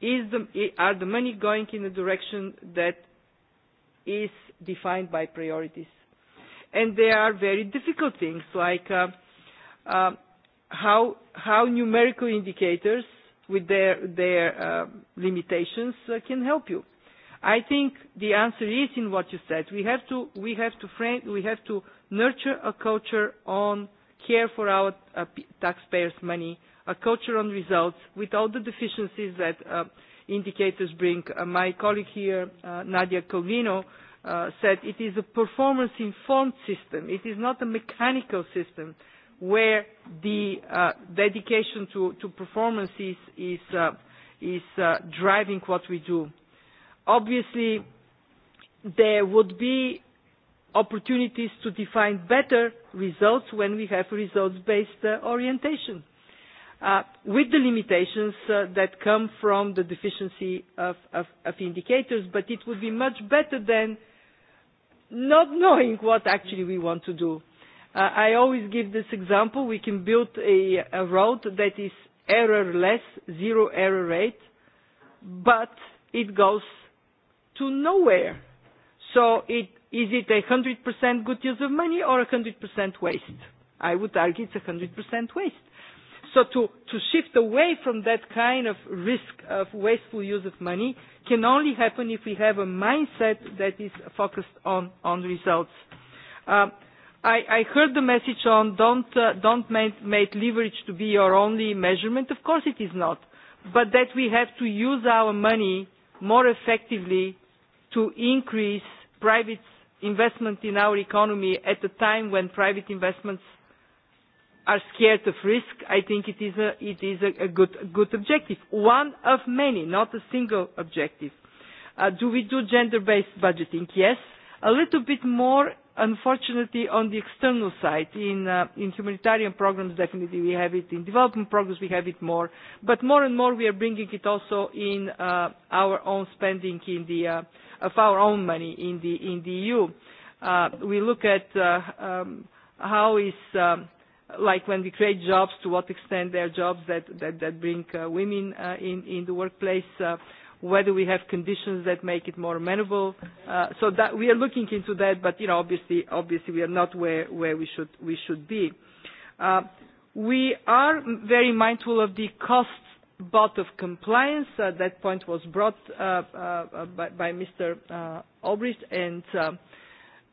Is the, are the money going in the direction that is defined by priorities? And there are very difficult things like uh, uh, how, how numerical indicators with their, their uh, limitations uh, can help you. I think the answer is in what you said. We have to, we have to, frame, we have to nurture a culture on care for our uh, taxpayers' money uh, a culture on results with all the deficiencies that uh, indicators bring. Uh, my colleague here, uh, Nadia Calvino, uh, said it is a performance-informed system. It is not a mechanical system where the uh, dedication to, to performance is, is, uh, is uh, driving what we do. Obviously, there would be opportunities to define better results when we have a results-based uh, orientation uh, with the limitations uh, that come from the deficiency of, of, of indicators, but it would be much better than not knowing what actually we want to do. Uh, I always give this example. We can build a, a road that is errorless, zero error rate, but it goes to nowhere. So it, is it 100% good use of money or 100% waste? I would argue it's 100% waste So to, to shift away from that kind of risk of wasteful use of money can only happen if we have a mindset that is focused on, on results. Um, I, I heard the message on don't, uh, don't make, make leverage to be your only measurement. Of course it is not. But that we have to use our money more effectively to increase private investment in our economy at a time when private investments are scared of risk, I think it is a, it is a, a good, a good objective. One of many, not a single objective. Uh, do we do gender-based budgeting? Yes. A little bit more, unfortunately, on the external side. In, uh, in humanitarian programs, definitely we have it. In development programs, we have it more. But more and more, we are bringing it also in uh, our own spending in the, uh, of our own money in the, in the EU. Uh, we look at uh, um, how is... Um, uh, like when we create jobs, to what extent there are jobs that, that, that bring uh, women uh, in, in the workplace, uh, whether we have conditions that make it more amenable. Uh, so that we are looking into that, but you know, obviously, obviously we are not where, where we, should, we should be. Uh, we are very mindful of the cost but of compliance. Uh, that point was brought uh, uh, by, by Mr. Uh, Obrist and uh,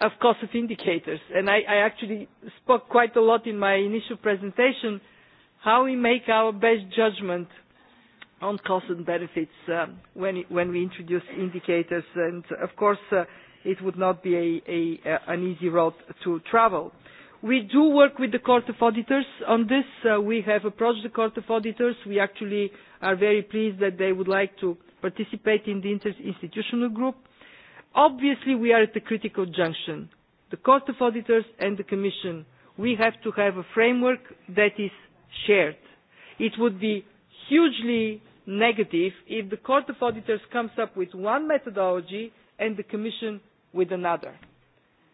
of cost of indicators. And I, I actually spoke quite a lot in my initial presentation how we make our best judgment on costs and benefits um, when, when we introduce indicators. And of course, uh, it would not be a, a, an easy road to travel. We do work with the Court of Auditors on this. Uh, we have approached the Court of Auditors. We actually are very pleased that they would like to participate in the interinstitutional group Obviously, we are at a critical junction. The Court of Auditors and the Commission. We have to have a framework that is shared. It would be hugely negative if the Court of Auditors comes up with one methodology and the Commission with another.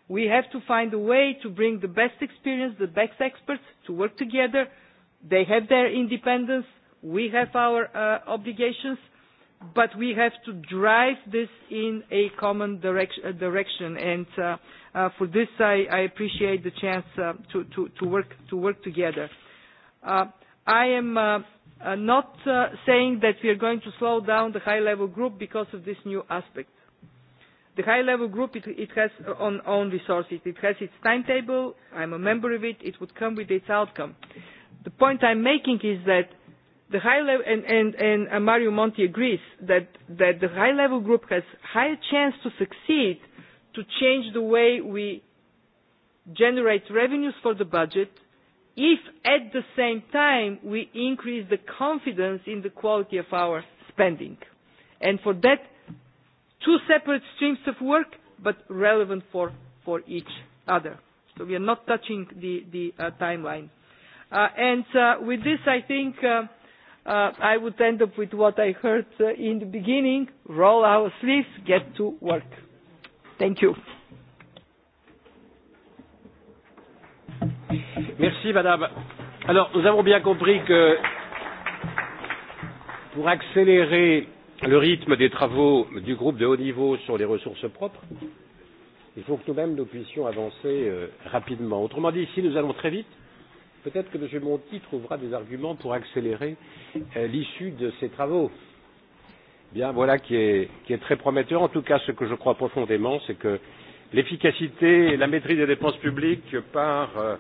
We have to find a way to bring the best experience, the best experts to work together. They have their independence. We have our uh, obligations but we have to drive this in a common direc uh, direction. And uh, uh, for this, I, I appreciate the chance uh, to, to, to, work, to work together. Uh, I am uh, uh, not uh, saying that we are going to slow down the high-level group because of this new aspect. The high-level group, it, it has uh, on own resources. It has its timetable. I'm a member of it. It would come with its outcome. The point I'm making is that the high level and, and, and uh, Mario Monti agrees that, that the high level group has higher chance to succeed to change the way we generate revenues for the budget if at the same time we increase the confidence in the quality of our spending. And for that, two separate streams of work, but relevant for, for each other. So we are not touching the, the uh, timeline. Uh, and uh, with this, I think uh, uh, I would end up with what I heard uh, in the beginning, roll our sleeves, get to work. Thank you. Merci Madame. Alors nous avons bien compris que pour accélérer le rythme des travaux du groupe de haut niveau sur les ressources propres, il faut que nous-mêmes nous puissions avancer euh, rapidement. Autrement dit, si nous allons très vite, Peut-être que M. Monti trouvera des arguments pour accélérer euh, l'issue de ces travaux. Bien, voilà qui est, qui est très prometteur. En tout cas, ce que je crois profondément, c'est que l'efficacité et la maîtrise des dépenses publiques par euh,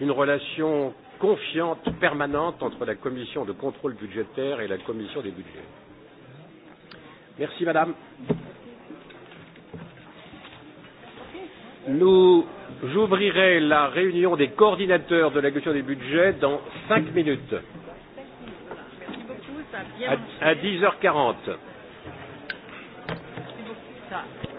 une relation confiante, permanente entre la commission de contrôle budgétaire et la commission des budgets. Merci, madame. Nous J'ouvrirai la réunion des coordinateurs de la question des budgets dans 5 minutes. À, à 10h40. Merci beaucoup, ça.